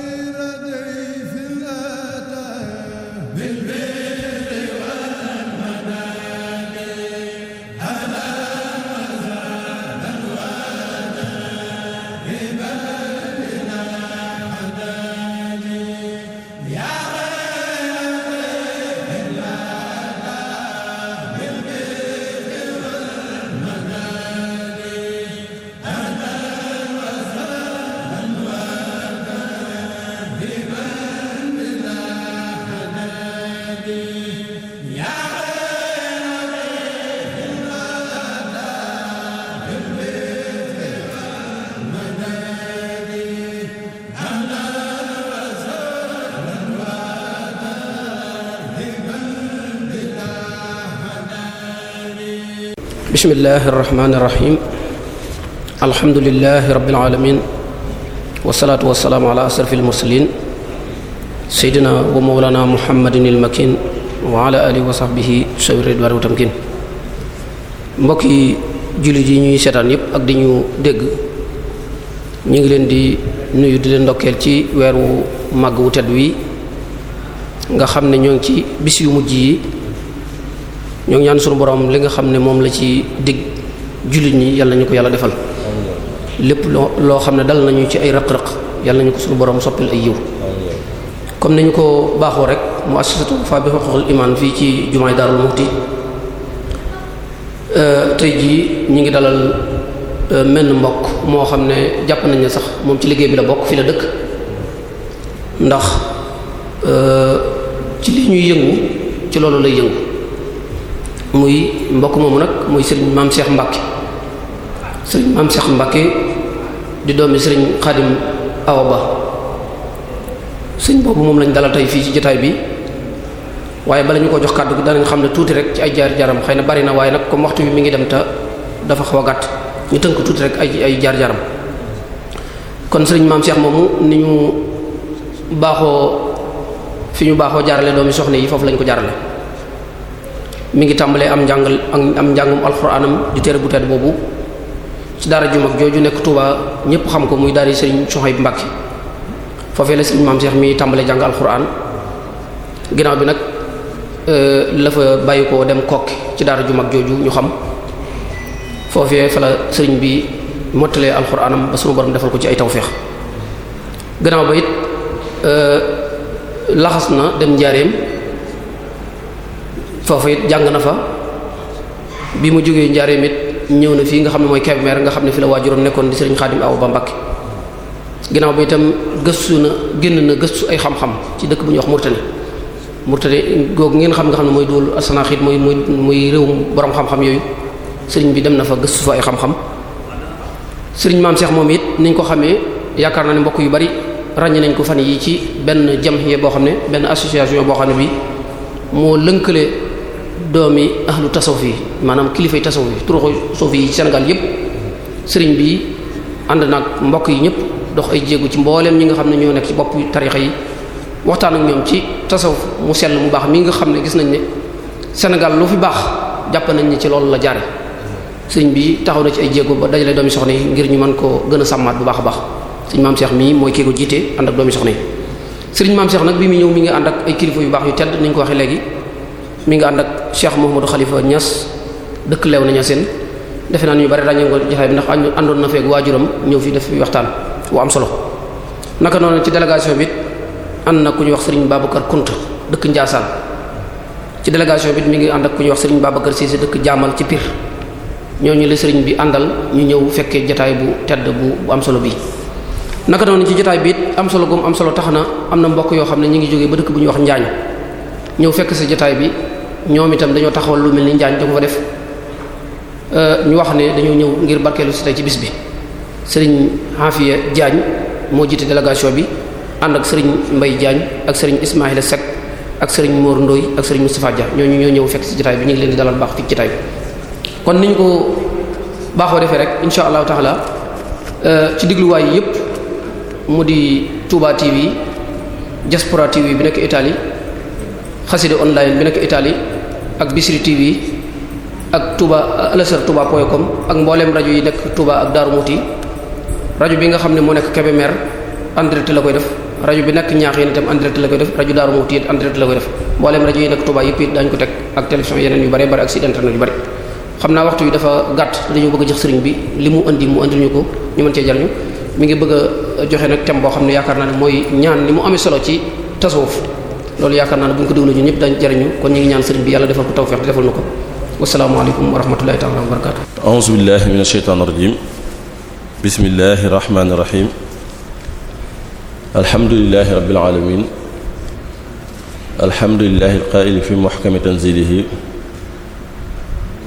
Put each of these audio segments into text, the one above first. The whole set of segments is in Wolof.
خير دين bismillahi irrahmani irrahim alhamdulilahi rabilalamin wasalaatu wasalaamu ala asraf almursalin seydina wa mawlana muhammadin ilmakin wa ala alihi wa sahbihi sawi ridwaan wa tamkin mbokki jullit yi ñuy seetaan yëpp ak di ñu dégg ñu ngi leen di nuyu di leen ndokkeel ci weer wu màgg wu tedd wi nga xam ne ñoo ngi ci bis yu mujj yi ñoo ngi ñaan sunu borom li nga xam ne moom la ci dig jullit ñi yàlla ñu ko yàlla defal lépp loo loo xam ne dal nañu ci ay rëq-rëq yàlla nañu ko sunu boroom soppil ay yiw comme nañu ko baaxoo rek mu assisatu fa bi xoxoxal imaan fii ci jumaay Daarul Muxti euh, jii ñi ngi dalal euh, menn mbokk moo xam ne jàpp nañ ne sax moom ci liggéey bi la bokk fi la dëkk ndax euh, ci li ñuy yëngu ci loolu lay yëngu muy mbokk moomu nag mooy sëriñ maam seex Mbacke sëriñ maam Cheikh Mbacke di doomi sëriñ Xadim Awa Ba sëriñ boobu moom lañ dalal tey fii ci jotaay bi waaye bala ñu ko jox kàddu gi danañ xam ne tuuti rek ci ay jaar jaaram xëy na bari na waaye nag comme waxtu bi mu ngi dem te dafa xaw gàtt ñu tënk tuuti rek ay ay jaar jaaram kon sëriñ maam seex moomu ni ñu baaxoo fi ñu baaxoo jaarale doomi soxna yi foofu lañ ko jaarale. mi ngi tàmbalee am njàngal am njàngum alxuraanam di téere bu tedd boobu ci daara ju mag jooju nekk Touba ñëpp xam ko muy daara Serigne Souhaïbou Mbacké foofee la Serigne Mame Cheikh mi tàmbalee jàng alxuraan ginnaaw bi nag euh, la fa bàyyi ko dem kokki ci daara ju jooju ñu xam foofee fa la Serigne bi mottalee alxuraanam ba sunu borom defal ko ci ay tawféex ginnaaw ba it euh, laxas na dem njaareem. foofu it jàng na fa bi mu jógee njaareem it ñëw na fii nga xam ne mooy Kébémer nga xam ne fi la waajuram nekkoon di Serigne Khadim Awa Ba Mbacké ginnaaw bi itam gëstu na génn na gëstu ay xam-xam ci dëkk bu ñu wax Mauritanie Mauritanie googu ngeen xam nga xam ne mooy duwal Asanaxit mooy mooy muy réewum borom xam-xam yooyu sëriñ bi dem na fa gëstu fa ay xam-xam sëriñ maam Cheikh moom it niñ ko xamee yaakaar naa ne mbokk yu bari ràññee nañ ko fan yi ci benn jam boo xam ne benn association boo xam ne bi doomi ahlu tasawuf yi maanaam kilifay tasawuf yi turuxu suuf yi senegal yëpp sëriñ bi ànd nag mbokk yi ñëpp dox ay jéegu ci mbooleem ñi nga xam ne ñoo nekk ci bopp tarixa yi waxtaan ak ñoom ci tasaw mu sell mu baax mi nga xam ne gis nañ ne Sénégal lu fi baax jàpp nañ ne ci loolu la jaare sëriñ bii taxaw na ci ay jéego ba dajale doomi soxna yi ngir ñu mën koo gën a sàmmaat bu baax a baax sëriñ maam Cheikh mii mooy kii jiite ànd ak doomi soxna yi sëriñ maam Cheikh nag bi mu ñëw mi ngi ànd ak yu baax yu tedd niñ ko waxee léegi mi ngi ànd ak Cheikh Mouhamadou Khalifa Niass dëkk lew na Niassène defe naa ñu bari ràññee ko jafe bi ndax àndoon na feek waajuram ñëw fi def fi waxtaan wu am solo naka noonu ci délégation bi ànd na ku ñuy wax Serigne Babacar Kounta dëkk Ndiassane ci délégation bi mi ngi ànd ak ku ñuy wax Serigne Babacar Cissé dëkk Jaamal ci ñoo ñu la sëriñ bi àndal ñu ñëw fekkee jataay bu tedd bu am solo bii. naka noonu ci jotaay bi am solo goom am solo tax na am na mbokk yoo xam ne ñu ngi jógee ba dëkk bu ñuy wax Njaañ ñëw fekk si jotaay bi. ñoom itam dañoo taxawal lu mel ni njaañ da ko def euh, ñu wax ne dañoo ñëw ngir barkeelu si tey ci bis bi sëriñ Afia Diagne moo jiite délégation bi ànd ak sëriñ mbay Diagne ak sëriñ Ismaïla Seck ak sëriñ moor Ndoy ak sëriñ Moustapha Dia ñooñu ñoo ñëw fekk si jotaay bi ñu ngi leen di dalal baax fii jotaay bi kon niñ ko baaxoo defee rek insha allahu taala euh, ci digluwaay yépp mu di Touba TV Diaspora TV bi nekk itali xaside online bi nekk Italie ak Bisri TV ak Touba Alazhar Touba point com ak mbooleem rajo yi nekk tubaa ak Darou Moukhty rajo bi nga xam ne moo nekk Kébémer en direct la koy def rajo bi nekk Niakhine itam en direct la koy def rajo Darou Moukhty it en direct la koy def mbooleem rajo yi nekk Touba yëpp it daañu ko teg ak télévision yeneen yu bari bari ak site internet yu bari xam naa waxtu yi dafa gàtt dañu bëgg a jox sëriñ bi li mu indi mu indi ñu ko ñu mën cee jariñu mi ngi bëgg a joxe nag thème boo xam ne yaakaar naa ne mooy ñaan ni mu amee solo ci tasawuf loolu yaakaar naa ne bu ñu ko déglu ñun ñëpp dañ jariñu kon ñu ngi ñaan sëriñ bi yàlla defal ko tawfeex defal nu ko wasalaamaaleykum wa rahmatullahi taala wa barakatu aouzu alamin alhamdulilahi alqaili fi muhkami tanzilihi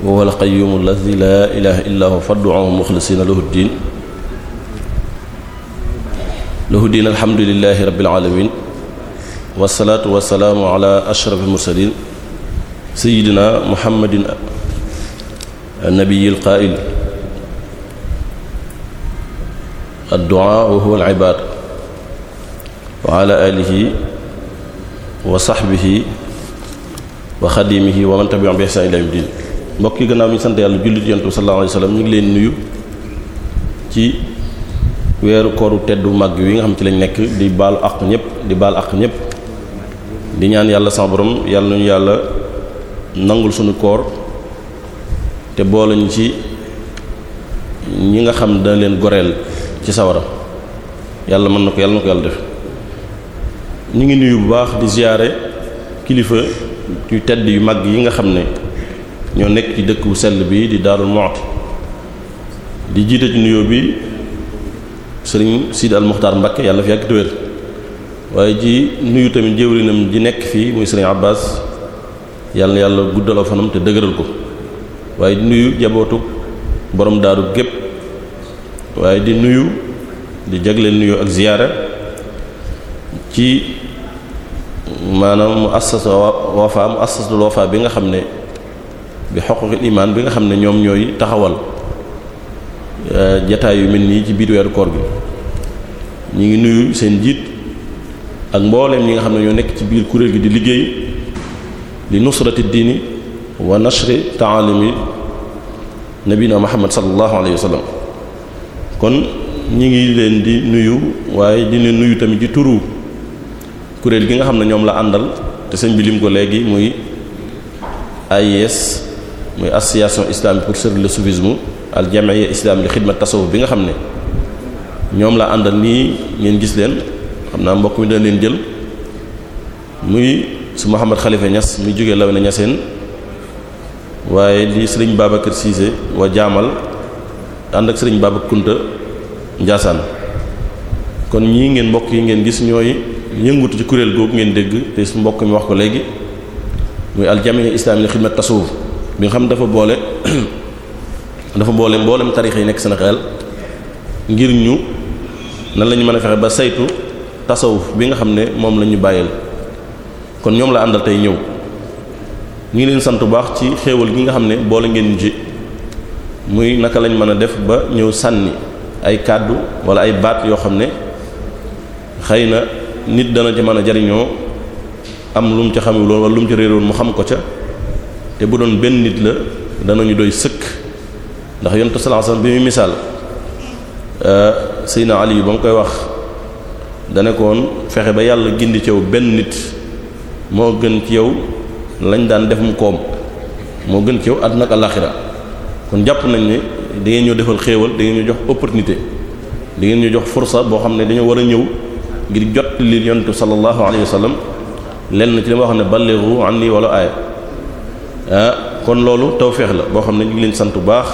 wa huwa alqayyumu allazi la ilaha illa huwa fad'uhu mukhlisina lahu ddin lahu ddin alhamdulilahi rabbil alamin wasalaatu wasalaamu ala ashrafil mursalin sayidina muhammadin nabiyil qaa'il adduaa huwa al ibaad wa ala alihi wa sahbihi wa xadimihi wa man tabi'ahum bi ihsaan ila yawmiddin mbokk yi gannaaw mi sant yàlla jullit yonent bi sallallahu alayhi wa ñu ngi leen nuyu ci weeru kooru teddu màgg wi nga xam ci lañ nekk di baalu àq ñëpp di baal àq ñëpp di ñaan yàlla sama borom yàlla nañu yàlla nangul suñu koor te boole ñu ci ñi nga xam dana leen goreel ci sawara yàlla mën na ko yàlla yàlla def ñu ngi nuyu bu baax di ziyaare kilifa yu tedd yu mag yi nga xam ne ñoo nekk ci dëkku sell bi di Darou Moukhty di jiite ci nuyoo bi sëriñ Sidi Al Muxtaar Mbakke yàlla fi yàgg te waaye ji nuyu tamit jëwrinam ji nekk fii muy sëriñ Abbas yàlla yàlla guddal fanam te dëgëral ko waaye di nuyu jabootu boroom daaru gépp waaye di nuyu di jagleel nuyu ak ziyaara ci maanaam mu assasa wafa mu assasatul wafa bi nga xam ne bi xoqoqil imaan bi nga xam ne ñoom ñooy taxawal eh, jataay yu mel nii ci biir weeru koor gi ñu ngi nuyu seen jiit ak mbooleem ñi nga xam ne ñoo nekk ci biir kuréel gi di liggéey li nusrati diini wa nashri taalimi nabina muhammad sallallahu alayhi wa sallam kon ñi ngi leen di nuyu waaye di leen nuyu tamit ci turu kuréel gi nga xam ne ñoom la àndal te sëñ bi lim ko léegi muy AIS muy association islamique pour servir le soufisme al jamiya islam li xidmat tasawuf bi nga xam ne ñoom la àndal nii ngeen gis leen xam naa mbokk mi dana leen jël muy su Mouhamed Khalifa Niass muy jógee Lawena Niassène waaye di sëriñ Babacar siise waa jaamal ànd ak sëriñ Babacar Kunta Ndiassane kon ñii ngeen mbokk yi ngeen gis ñooy yëngutu ci kuréel boobu ngeen dégg te su mbokk mi wax ko léegi muy aljamia islami xidmat tasawuf bi xam dafa boole dafa boole mboolem tarixa yi nekk Sénégal ngir ñu nan la mën a fexe ba saytu tasawuf bi nga xam ne moom la ñu bàyyil kon ñoom la àndal tey ñëw ñu ngi leen sant bu baax ci xéewal gi nga xam ne boole ngeen ji muy naka lañ mën a def ba ñëw sànni ay kàddu wala ay baat yoo xam ne xëy na nit dana ci mën a jariñoo am lu ca xamul lool wala lu mu ca réeroon mu xam ko ca te bu doon benn nit la dana ñu doy sëkk ndax yonent sallallahu alayhi wasallam bi muy misaal euh, Seydina Ali ba mu koy wax da nekkoon fexe ba yàlla gindi ci benn nit moo gën ci yow lañ daan def mu koom moo gën ci yow àdduna ak àllaxira kon jàpp nañ ne da ngeen ñoo defal xéewal da ngeen ñoo jox opportunité da ngeen ñoo jox forsa boo xam ne dañoo war a ñëw ngir jot li yonent bi sallallahu alayhi wa lenn ci li ma wax ne ballighu anni wala aaya ah kon loolu tawfeex la boo xam ne ñu ngi leen sant bu baax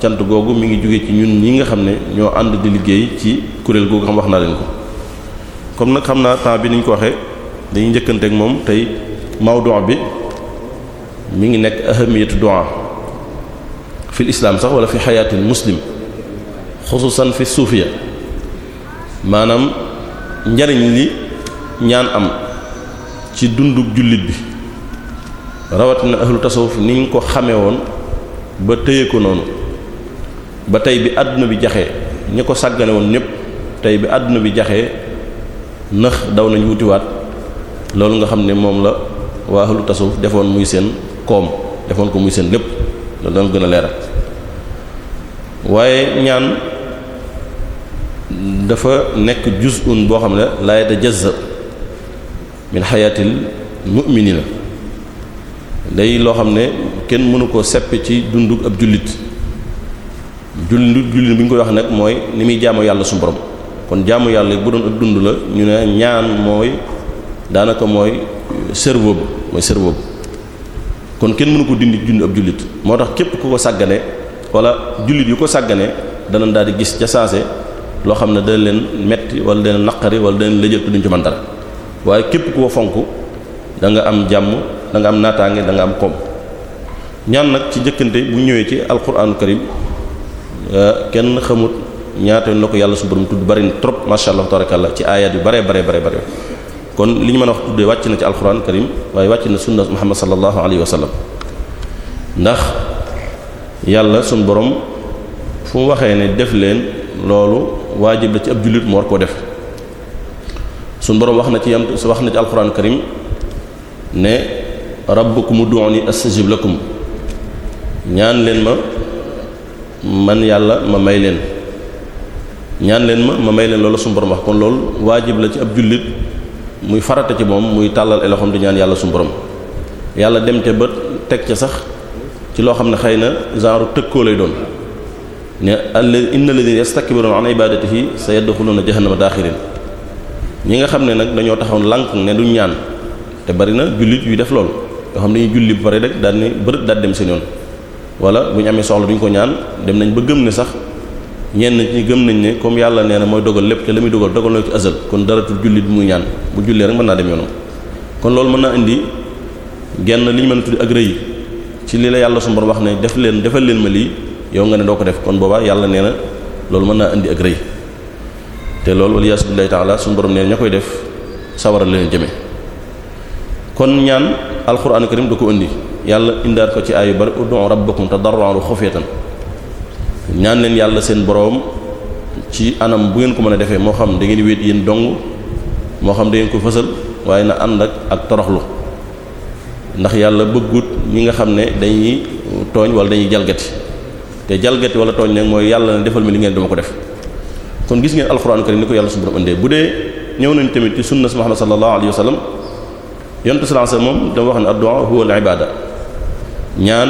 sant googu mu ngi jóge ci ñun ñi nga xam ne ñoo ànd di liggéey ci kuréel googu xam wax naa leen ko comme nag xam naa temps bi niñ ko waxee dañuy njëkkanteeg moom tey mawdu bi mu ngi nekk ahamiyatu du'a fil islam sax wala fi xayaatil muslim xususan fi suufiya maanaam njariñ li ñaan am ci dundu jullit bi rawatina ahlu tasawuf ni ñu ko xamee woon ba téye ko noonu ba tey bi àdduna bi jaxee ñi ko sàggane woon ñépp tey bi àdduna bi jaxee ndax daw nañ wutiwaat loolu nga xam ne moom la waa ahlu tasawuf defoon muy seen koom defoon ko muy seen lépp loolu dana gën a leeral waaye ñaan dafa nekk juz'un boo xam ne la yatajazza min xayaatil mu'minina day loo xam ne kenn mënu koo seppe ci dundu ab jullit jullit jullit bi ñu koy wax nag mooy ni muy jaamoo yàlla su borom kon jàmm yàlla bu doon dund la ñu ne ñaan mooy daanaka mooy cerveau bi mooy cerveau kon kenn mënu ko dindi junni ab jullit moo tax képp ku ko sàggane wala jullit yu ko sàggane danañ daal di gis ca saase loo xam ne dana leen metti wala dana naqari wala dana lëjël duñ ci mën waaye képp ku ko fonk da am jàmm danga am nataange danga am koom ñaan nag ci jëkkante bu ñëwee ci alquran karim euh, kenn xamut ñaata yoon la ko yàlla su borom tudd bari na trop masha allah tabarakallah ci ayat yu bare bare bare bare kon li ñu mën a wax tuddee wàcc na ci alquran karim waaye wàcc na sunna muhammad sallallahu alayhi wa sallam ndax yàlla suñ boroom fu mu waxee ne def leen loolu waajib la ci ab jullit mu war koo def suñ borom wax na ci yam wax na ci alquran karim ne rabbukum ud'uni astajib lakum ñaan leen ma man yàlla ma may leen ñaan leen ma ma may leen loolu suñu borom wax kon loolu waajib la ci ab jullit muy farata ci moom muy tàllal ay loxoom di ñaan yàlla suñu borom yàlla dem te ba teg ca sax ci loo xam ne xëy na genre tëkkoo lay doon ne all inna alladhina yastakbiruna an ibadatihi sayadkhuluna jahannama dakhirin ñi nga xam ne nag dañoo taxoon lànk ne duñ ñaan te bari na jullit yuy def loolu yoo xam ne dañuy julli bu pare rek daal ni bërët dem seen yoon wala bu ñu amee duñ ko ñaan dem nañ ba gëm sax ñenn ñi gëm nañ ne comme yàlla nee na mooy dogal lépp te la muy dogal dogal na ci azal kon daratul jullit muy ñaan bu jullee rek mën naa dem yoonam kon loolu mën naa indi genn li ñu mën a tudd ak rëy ci li la yàlla suñu borom wax ne def leen defal leen ma lii yow nga ne doo ko def kon boobaa yàlla nee na loolu mën naa indi ak rëy te loolu waliyaasu billaahi taala suñu borom nee ña koy def sawara leen jëmee kon ñaan alxuraanu karim da ko indi yàlla indaat ko ci ayu bari ud'u rabbakum tadarru'an wa xufyatan ñaan leen yàlla seen boroom ci anam bu ngeen ko mën a defee moo xam da ngeen wéet yéen dong moo xam da ko fësal waaye na ànd ak ak toroxlu ndax yàlla bëggut ñi nga xam ne dañuy tooñ wala dañuy jalgati te jalgati wala tooñ nag mooy yàlla na defal mi li ngeen dama ko def kon gis ngeen alxuraan karim ni ko yàlla suñu borom indee bu dee ñëw nañ tamit ci sunna Muhammad sallallahu alayhi wa sallam yontu sallallahu alayhi wa sallam moom dama wax ne addu'a huwa al ibada ñaan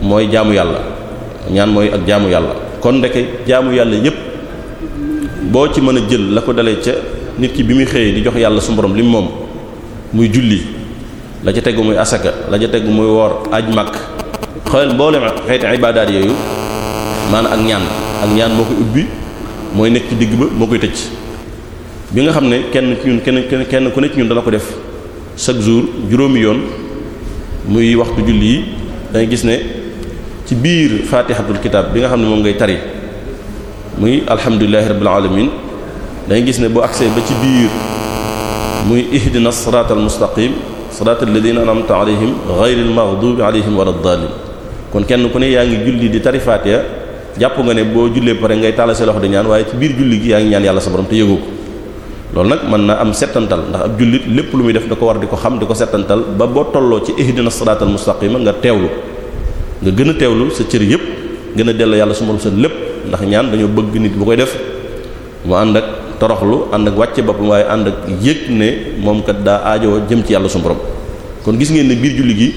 mooy jaamu yàlla ñaan mooy ak jaamu yàlla kon ndeke jaamu yàlla yépp boo ci mën a jël la ko dalee ca nit ki bi muy xëyee di jox yàlla su mboroom li moom muy julli la ca tegu muy asaka la ca tegu muy woor aj màkk xoolal mboolem xeeti ibaadaat yooyu maanaam ak ñaan ak ñaan moo koy ubbi mooy nekk ci digg ba moo koy tëj bi nga xam ne kenn ci ñun kenn kenn ku ne ci ñun dana ko def chaque jour juróomi yoon muy waxtu julli yi dangay gis ne ci biir faatixatul kitaab bi nga xam ne moom ngay tari muy alhamdulillahi rabbil alamin dangay gis ne boo agsee ba ci biir muy ihdina siraatal mustaqim siraatal ladina an'amta alayhim ghayril maghdubi alayhim waladdaalin kon kenn ku ne yaa ngi julli di tari faatiha jàpp nga ne boo jullee pare ngay tàllal sa loxo di ñaan waaye ci biir julli gi yaa ngi ñaan yàlla sa borom te yëgoo ko loolu nag mën na am settantal ndax ab jullit lépp lu muy def da ko war di ko xam di ko settantal ba boo tolloo ci ihdina siraatal mustaqim nga teewlu nga gën a teewlu sa cër yëpp gën a delloo yàlla su ma sa lépp ndax ñaan dañoo bëgg nit bu koy def mu ànd ak toroxlu ànd ak wàcce boppam waaye ànd ak yëg ne moom kat daa aajowoo jëm ci yàlla su borom kon gis ngeen ne biir julli gi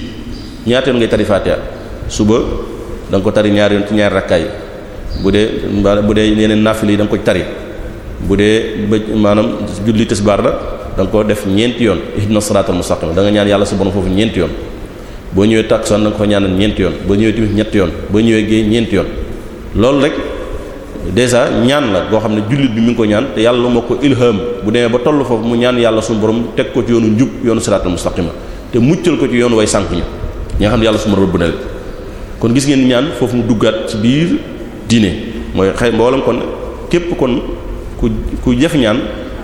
ñaata yoon ngay tari Fatiha suba da nga ko tari ñaari yoon ci ñaari rakkaay bu dee bu dee yeneen naafile yi da nga ko tari bu dee ba maanaam julli tisbaar la da nga ko def ñeenti yoon ihdina siratal mustaqim da nga ñaan yàlla su borom foofu ñeenti yoon boo ñëwee tàkkusaan na nga ko ñaanal ñeenti yoon boo ñëwee tamit ñetti yoon boo ñëwee géey ñeenti yoon loolu rek déjà ñaan la boo xam ne jullit bi mi ngi ko ñaan te yàlla ma ko ilham bu demee ba toll foofu mu ñaan yàlla suñu borom teg ko ci yoonu njub yoonu siraatal mustaqima te muccal ko ci yoon way sànq ñi ñi xam ne yàlla suñu borom bu nele kon gis ngeen ñaan foofu mu duggaat ci biir diine mooy xëy mboolem kon képp kon ku ku jëf ñaan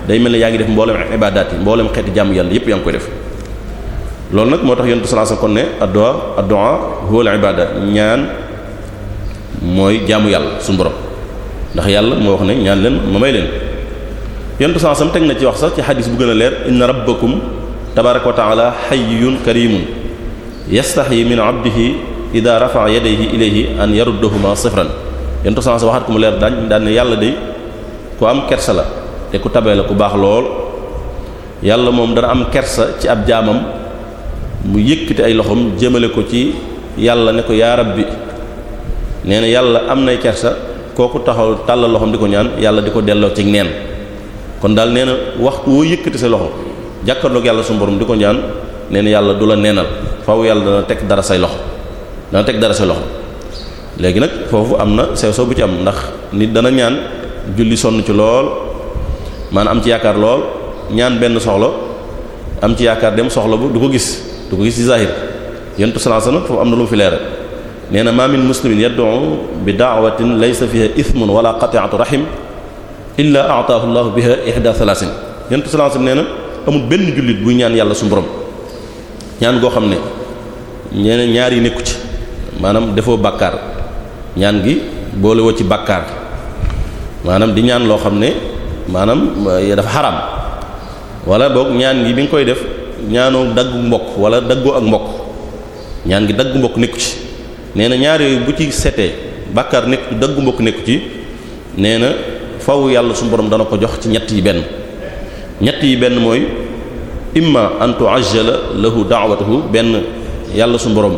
day mel ne yaa ngi def mboolem ibadaat yi mboolem jàmm yàlla yépp yaa ngi koy def loolu nag moo tax yentu sallallahu alayhi wasallam kon ne addu'a addu'a huwa al-ibada ñaan mooy jaamu yàlla suñu borom ndax yàlla moo wax ne ñaan leen ma may leen yontu sallallahu alayhi wasallam teg na ci wax sax ci xadis bu gën a leer inna rabbakum tabaraka wa ta'ala hayyun karimun yastahi min abdihi ida rafa'a yadayhi ilayhi an yaru sifran yontu sallallahu alayhi wasallam waxaat ku mu leer daañ daan yàlla day ku am kersa la te ku tabee la ku baax lool yàlla moom dana am kersa ci ab jaamam mu yëkkati ay loxoom jëmale ko ci yàlla ne ko yaa bi nee na yàlla am nay kersa kooku taxaw tàllal loxoom di ko ñaan yàlla di ko delloo ci neen kon daal nee na waxtu woo yëkkati sa loxo jàkkaarloog yàlla su borom di ko ñaan nee yàlla du la neenal faaw yàlla dana teg dara say loxo dana teg dara say loxo léegi nag foofu am na sew sew bu ci am ndax nit dana ñaan julli sonn ci lool maanaam am ci yaakaar lool ñaan benn soxlo am ci yaakaar dem soxla bu du ko gis du ko gis ci zahir yentu sallallahu alayhi wasallam foofu am na lu mu fi leeral nee na ma min muslimin yad'u bi da'watin laysa fiha ithmun wala qati'atu rahim illa a'taahu llahu biha ihda thalathin yentu sallallahu alayhi wasallam nee na amul benn jullit buy ñaan yàlla su borom ñaan goo xam ne ñeneen ñaar yi nekku ci maanaam defoo bàkkaar ñaan gi boolewoo ci bàkkaar maanaam di ñaan loo xam ne maanaam dafa xaram wala boog ñaan gi bi nga koy def ñaanoo dagg mbokk wala daggoo ak mbokk ñaan gi daggu mbokk nekku ci nee na ñaar bu ci setee bàkkaar nekku ci daggu mbokk nekku ci nee na faw yàlla su borom dana ko jox ci ñett yi benn ñett yi benn mooy imma an la lahu da'watuhu benn yàlla su borom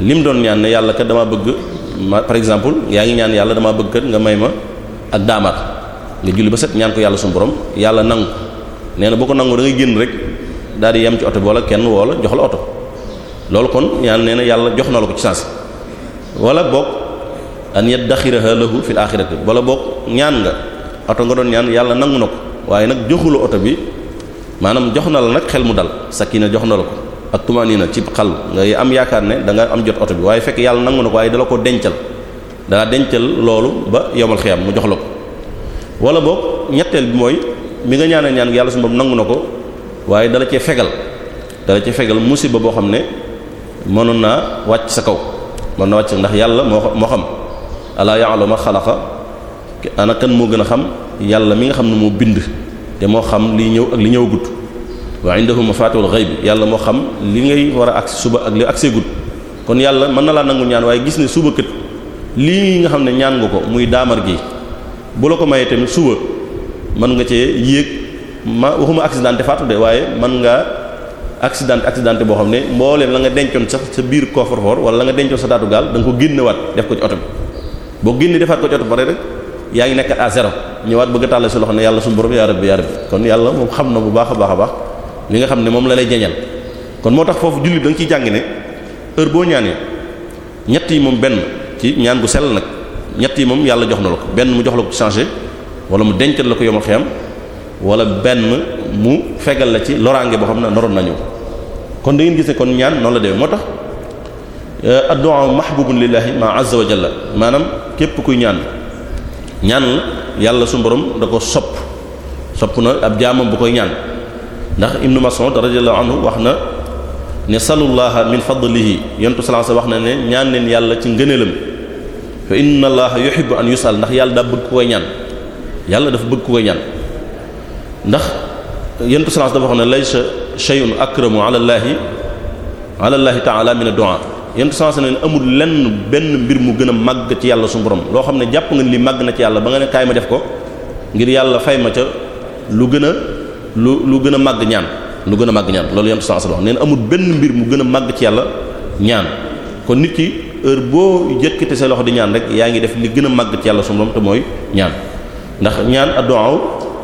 lim doon ñaan ne yàlla kat dama bëgg ma par exemple yaa ngi ñaan yàlla dama bëgg kat nga may ma ak daamaat nga julli ba set ñaan ko yàlla suñu borom yàlla nangu nee boo ko nangu da génn rek daal di yem ci oto bi wala kenn woo jox la oto loolu kon yàlla nee na yàlla jox na la ko ci sansi wala boog an yaddaxiraha lahu fil axirati wala boog ñaan nga oto nga doon ñaan yàlla nangu na ko waaye nag joxula oto bi maanaam jox na la nag xel mu dal na jox na la ko ak na ci xal ngay am yaakaar ne da nga am jot oto bi waaye fekk yàlla nangu na ko waaye dala ko dencal dala dencal loolu ba yomal xiyam mu jox la ko wala boog ñetteel bi mooy mi nga ñaanal na ko waaye dala cee fegal dala cee fegal musiba boo xam ne mënoon naa wàcc sa kaw mën na wàcc ndax yàlla moo moo xam alaa ya'lamu xalaqa ana kan moo gën a xam yàlla mi nga xam ne moo bind te moo xam liy ñëw ak li ñëw gudd waa wa indahu mafatihul bi yàlla moo xam li ngay war a agsi suba ak li agsi gudd kon yàlla mën na laa nangu ñaan waaye gis ne suba kët lii nga xam ne ñaan nga ko muy daamar gi bu la ko mayee tamit suba mën nga cee yéeg ma waxuma accidenté faatu de waaye man ngaa accidenté accidenté boo xam ne mbooleem la nga dencoon sax sa biir coffre-fort wala la nga dencoon sa taatu gaal danga ko ko génnewaat def ko ci oto bi boo génne defaat ko ci oto pare rek yaa ngi nekk à ñëwaat bëgg a tàllal si loxo ne yàlla suñu borom yaa rabbi yaa rabbi kon yàlla moom xam na bu baax a a baax li nga xam ne moom la lay jañal kon moo tax foofu jullit da nga jàng ne heure boo ñaanee ñett yi moom benn ci ñaan bu sell nag ñett moom yàlla jox na la ko benn mu jox la ko changé wala mu dencal la ko yomal xiyam wala benn mu fegal la ci loraange boo xam ne noroon nañu kon da ngeen gisee kon ñaan noon la demee moo tax euh, addu'a mahbubun lillahi ma azza wa jalla maanaam képp kuy ñaan ñaan la yàlla su borom da ko sopp sopp na ab jaamam bu koy ñaan ndax ibnu Mas'ud radiyallahu anhu wax na ne salullaha min fadlihi yentu salance wax na ne ñaan leen yàlla ci ngëneelam fa inna allaha yuhibbu an sal ndax yàlla daa bëgg ku koy ñaan yàlla dafa bëgg ku koy ñaan ndax yentu salaas dafa wax ne laysa shay'un akramu ala llahi ala llahi ta'ala min ad-du'a yentu salaas ne amul lenn benn mbir mu gën a màgg ci yàlla su borom loo xam ne jàpp nga li màgg na ci yàlla ba nga ne kaay ma def ko ngir yàlla fay ma ca lu gën a lu lu gën a màgg ñaan lu gën a màgg ñaan loolu yentu salaas la wax ne amul benn mbir mu gën a màgg ci yàlla ñaan kon nit ki heure boo jëkkite sa loxo di ñaan rek yaa ngi def li gën a màgg ci yàlla su borom mooy ñaan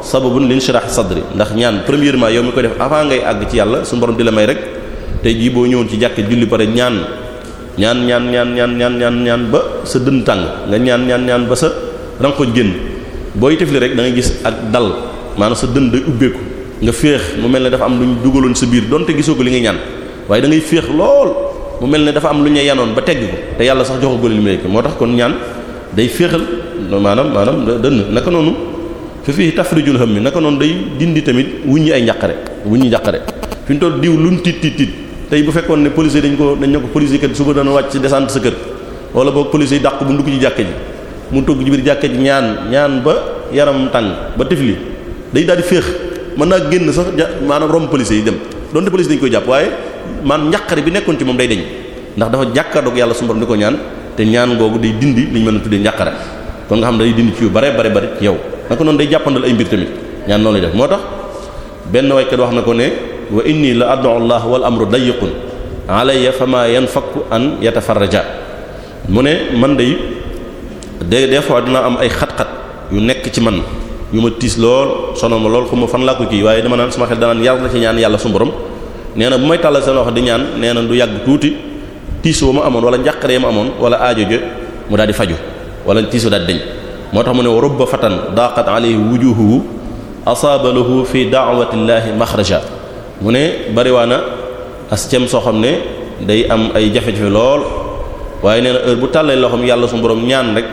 sababun linshirahi sadri ndax ñaan premièrement yow mi koy def avant ngay àgg ci yàlla suñu borom di la may rek te jii boo ñëwoon ci jàkk julli pare ñaan ñaan ñaan ñaan ñaan ñaan ñaan ñaan ba sa dën tàng nga ñaan ñaan ñaan ba sa rankoñ génn booy tefli rek dangay gis ak dal maanaam sa dën day ubbeeku nga féex mu mel ne dafa am lu ñu dugaloon sa biir donte gisoo ko li ngay ñaan waaye dangay féex lool mu mel ne dafa am lu ñu yenoon ba tegg ko te yàlla sax joxagul li mu moo tax kon ñaan day féexal maanaam fi fii tafrijul hammi naka noonu day dindi tamit wuññi ay njàqare wuññi njàqare fi ñu toll diw luñ tiit tiit tiit tey bu fekkoon ne policier dañ ko dañ ko policier kat suba dana wàcc descente wala boog policier yi dàq bu ndugg jàkke ji mu togg ci biir jàkke ji ñaan ñaan ba yaram tàng ba tifli day daal di féex mën naa génn sax ja maanaam romb policier yi dem donte policier dañ koy jàpp waaye man njàqare bi nekkoon ci moom day deñ ndax dafa jàkkaarloog yàlla suñu borom di ko ñaan te ñaan googu day dindi li ñu mën a tuddee njàqare kon nga xam day dindi yu bare bare bare yow naka noonu day jàppandal ay mbir tamit ñaan noonu def moo tax benn waykat wax na ko ne wa inni la ad'u allah wal amru fa ma fama yanfaku an yatafarraja mu ne man day de des fois dinaa am ay xat-xat yu nekk ci man yu ma tiis lool sonal ma lool xuma fan laa ko kii waaye dama naan sama xel danaan yar na ci ñaan yàlla suñu borom nee na bu may tàllal seen wax di ñaan nee na du yàgg tuuti tiis wa ma amoon wala njàqare ma amoon wala aajo mu daal di faju wala tiis daal di moo tax mu ne rubba fatan daqat alayhi wujuhuhu asaaba lahu fi daawatillahi maxraja mu ne bariwaana as cem soo xam ne day am ay jafe-jafe lool waaye nee na heure bu tàllay loo xam yàlla suñu borom ñaan rek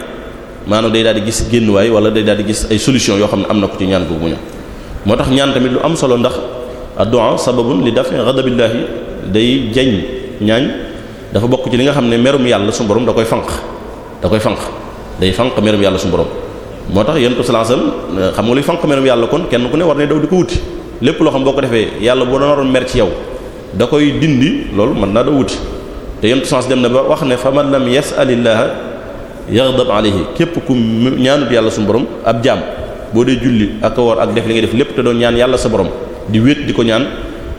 maanaam day daal di gis génnuwaay wala day daal di gis ay solution yoo xam ne am na ko ci ñaan googu mu ñëw moo tax ñaan tamit lu am solo ndax addu'a sababun li dafi ghadabillahi day jañ ñaañ dafa bokk ci li nga xam ne merum yàlla suñu borom da koy fanq da koy fanq day fanq merum yàlla suñu borom moo tax yonent bi sallallahu alayhi wasallam euh, xam nga luy fanq yàlla kon kenn ku ne war ne daw di ko wuti lépp loo xam boo ko defee yàlla boo doon waroon mer ci yow da koy dindi loolu mën naa daw wuti te yonent bi dem na ba wax ne fa man lam yas'alillaaha yaghdab alayhi képp ku ñaanut yàlla suñu borom ab jaam boo dee julli ak woor ak def li nga def lépp te doon ñaan yàlla sa borom di wéet di ko ñaan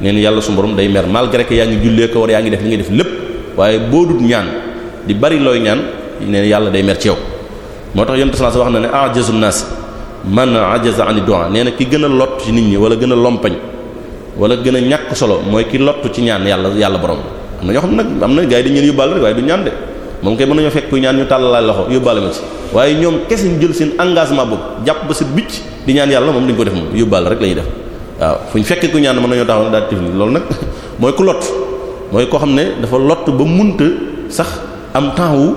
nee yàlla su borom day mer malgré que yaa ngi julli ak woor yaa ngi def li nga def lépp waaye boo ñaan di bari looy ñaan nee na yàlla day mer ci yow moo tax yonent sallallahu alayhi wasallam wax na ne a'jazu an-nas man ajaza ani du'a nee na ki gën a lott ci nit ñi wala gëna a lompañ wala gën ñàkk solo mooy ki lott ci ñaan yàlla yàlla borom am na ñoo xam ne nag am na gars di dañu leen yóbbaale rek waaye du ñaan de moom kay mën nañoo fekk kuy ñaan ñu tàllalaay loxo yóbbaale ma si waaye ñoom kese ñu jël seen engagement boobu jàpp ba sa bicc di ñaan yàlla moom dañu ko def moom yóbbaale rek la ñuy def waaw fu ñu fekkee ku ñaan mën nañoo taxaw daal tif loolu nag mooy ku lott mooy koo xam ne dafa lott ba munta sax am temps wu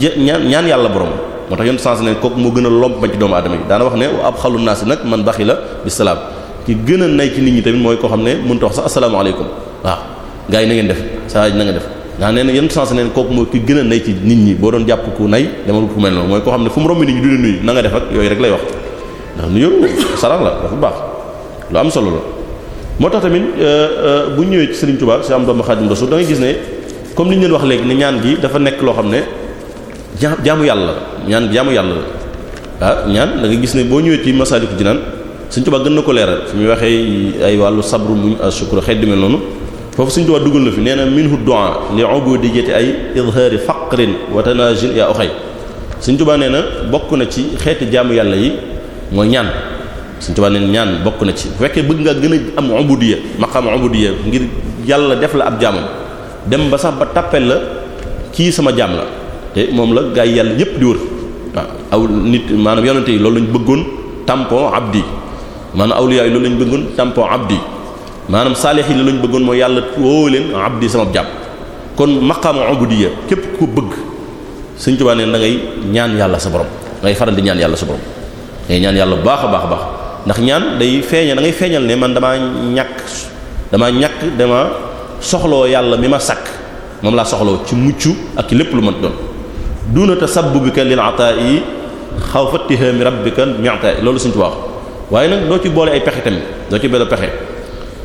ñaan ñaan yàlla borom moo tax yontu sens ne kooku moo gën a lomp ma ci doomu aadama yi daana wax ne ab xalu naasi nag man baxi la bisalaam ki gën a nay ci nit ñi tamit mooy koo xam ne mënut a wax sax asalaamaaleykum waaw gars yi na ngeen def saa yi na nga def ndax nee na yontu sens ne kooku moo a nay nit ñi boo doon jàpp ku nay demal ku mel noonu mooy koo xam ne na nga def ak yooyu rek lay wax ndax nu yoon sarax la dafa baax lu am solo la moo tax tamit euh, euh, bu ñëwee ci Serigne Touba si am doomu Xaadimu Rasuul da ngay gis ne comme li ñu leen wax léegi ne ñaan gi dafa nekk loo xam ne jaamu yàlla la ñaan jaamu yàlla la ah ñaan da nga gis ne boo ñëwee ci Masaalikul Jinaan Sëriñ Tuubaa gën na ko leeral fi muy waxee ay wàllu sabru muñ ashukru ah, xëy mel noonu foofu Sëriñ Tuubaa dugal na fi nee na minhu du'a li ubudiyyati ay izhaari faqrin wa tanajin ya uxay Sëriñ Tuubaa nee na bokk na ci xeeti jaamu yàlla yi mooy ñaan Sëriñ Tuubaa nee na ñaan bokk na ci bu fekkee bëgg nga gën a am ubudiyya maqam ubudiyya ngir yàlla def la ab jaamam dem ba sax ba la kii sama jaam la te moom la gaa yi yàlla ñëpp di wër waaw aw nit maanaam yonente yi loolu lañ bëggoon tampon abdi maanaam awliya yi loolu lañ bëggoon tampon abdi maanaam saalix lañ bëggoon mooy yàlla woo leen abdi sama jàpp kon maqaamu ubudiyya képp ko bëgg Sëriñ Tuubaa ne da ngay ñaan yàlla sa borom da ngay faral di ñaan yàlla sa borom da ngay ñaan yàlla bu baax a baax a baax ndax ñaan day feeñal da ngay feeñal ne man damaa ñàkk damaa ñàkk dama soxloo yàlla mi ma sàkk moom laa soxloo ci mucc ak lépp lu ma doon yi duna tasabbubika lil ataa'i xawfa ittihami rabbika mi'ta'i loolu suñ ci wax waaye nag doo ci boole ay pexe tamit doo ci boole pexe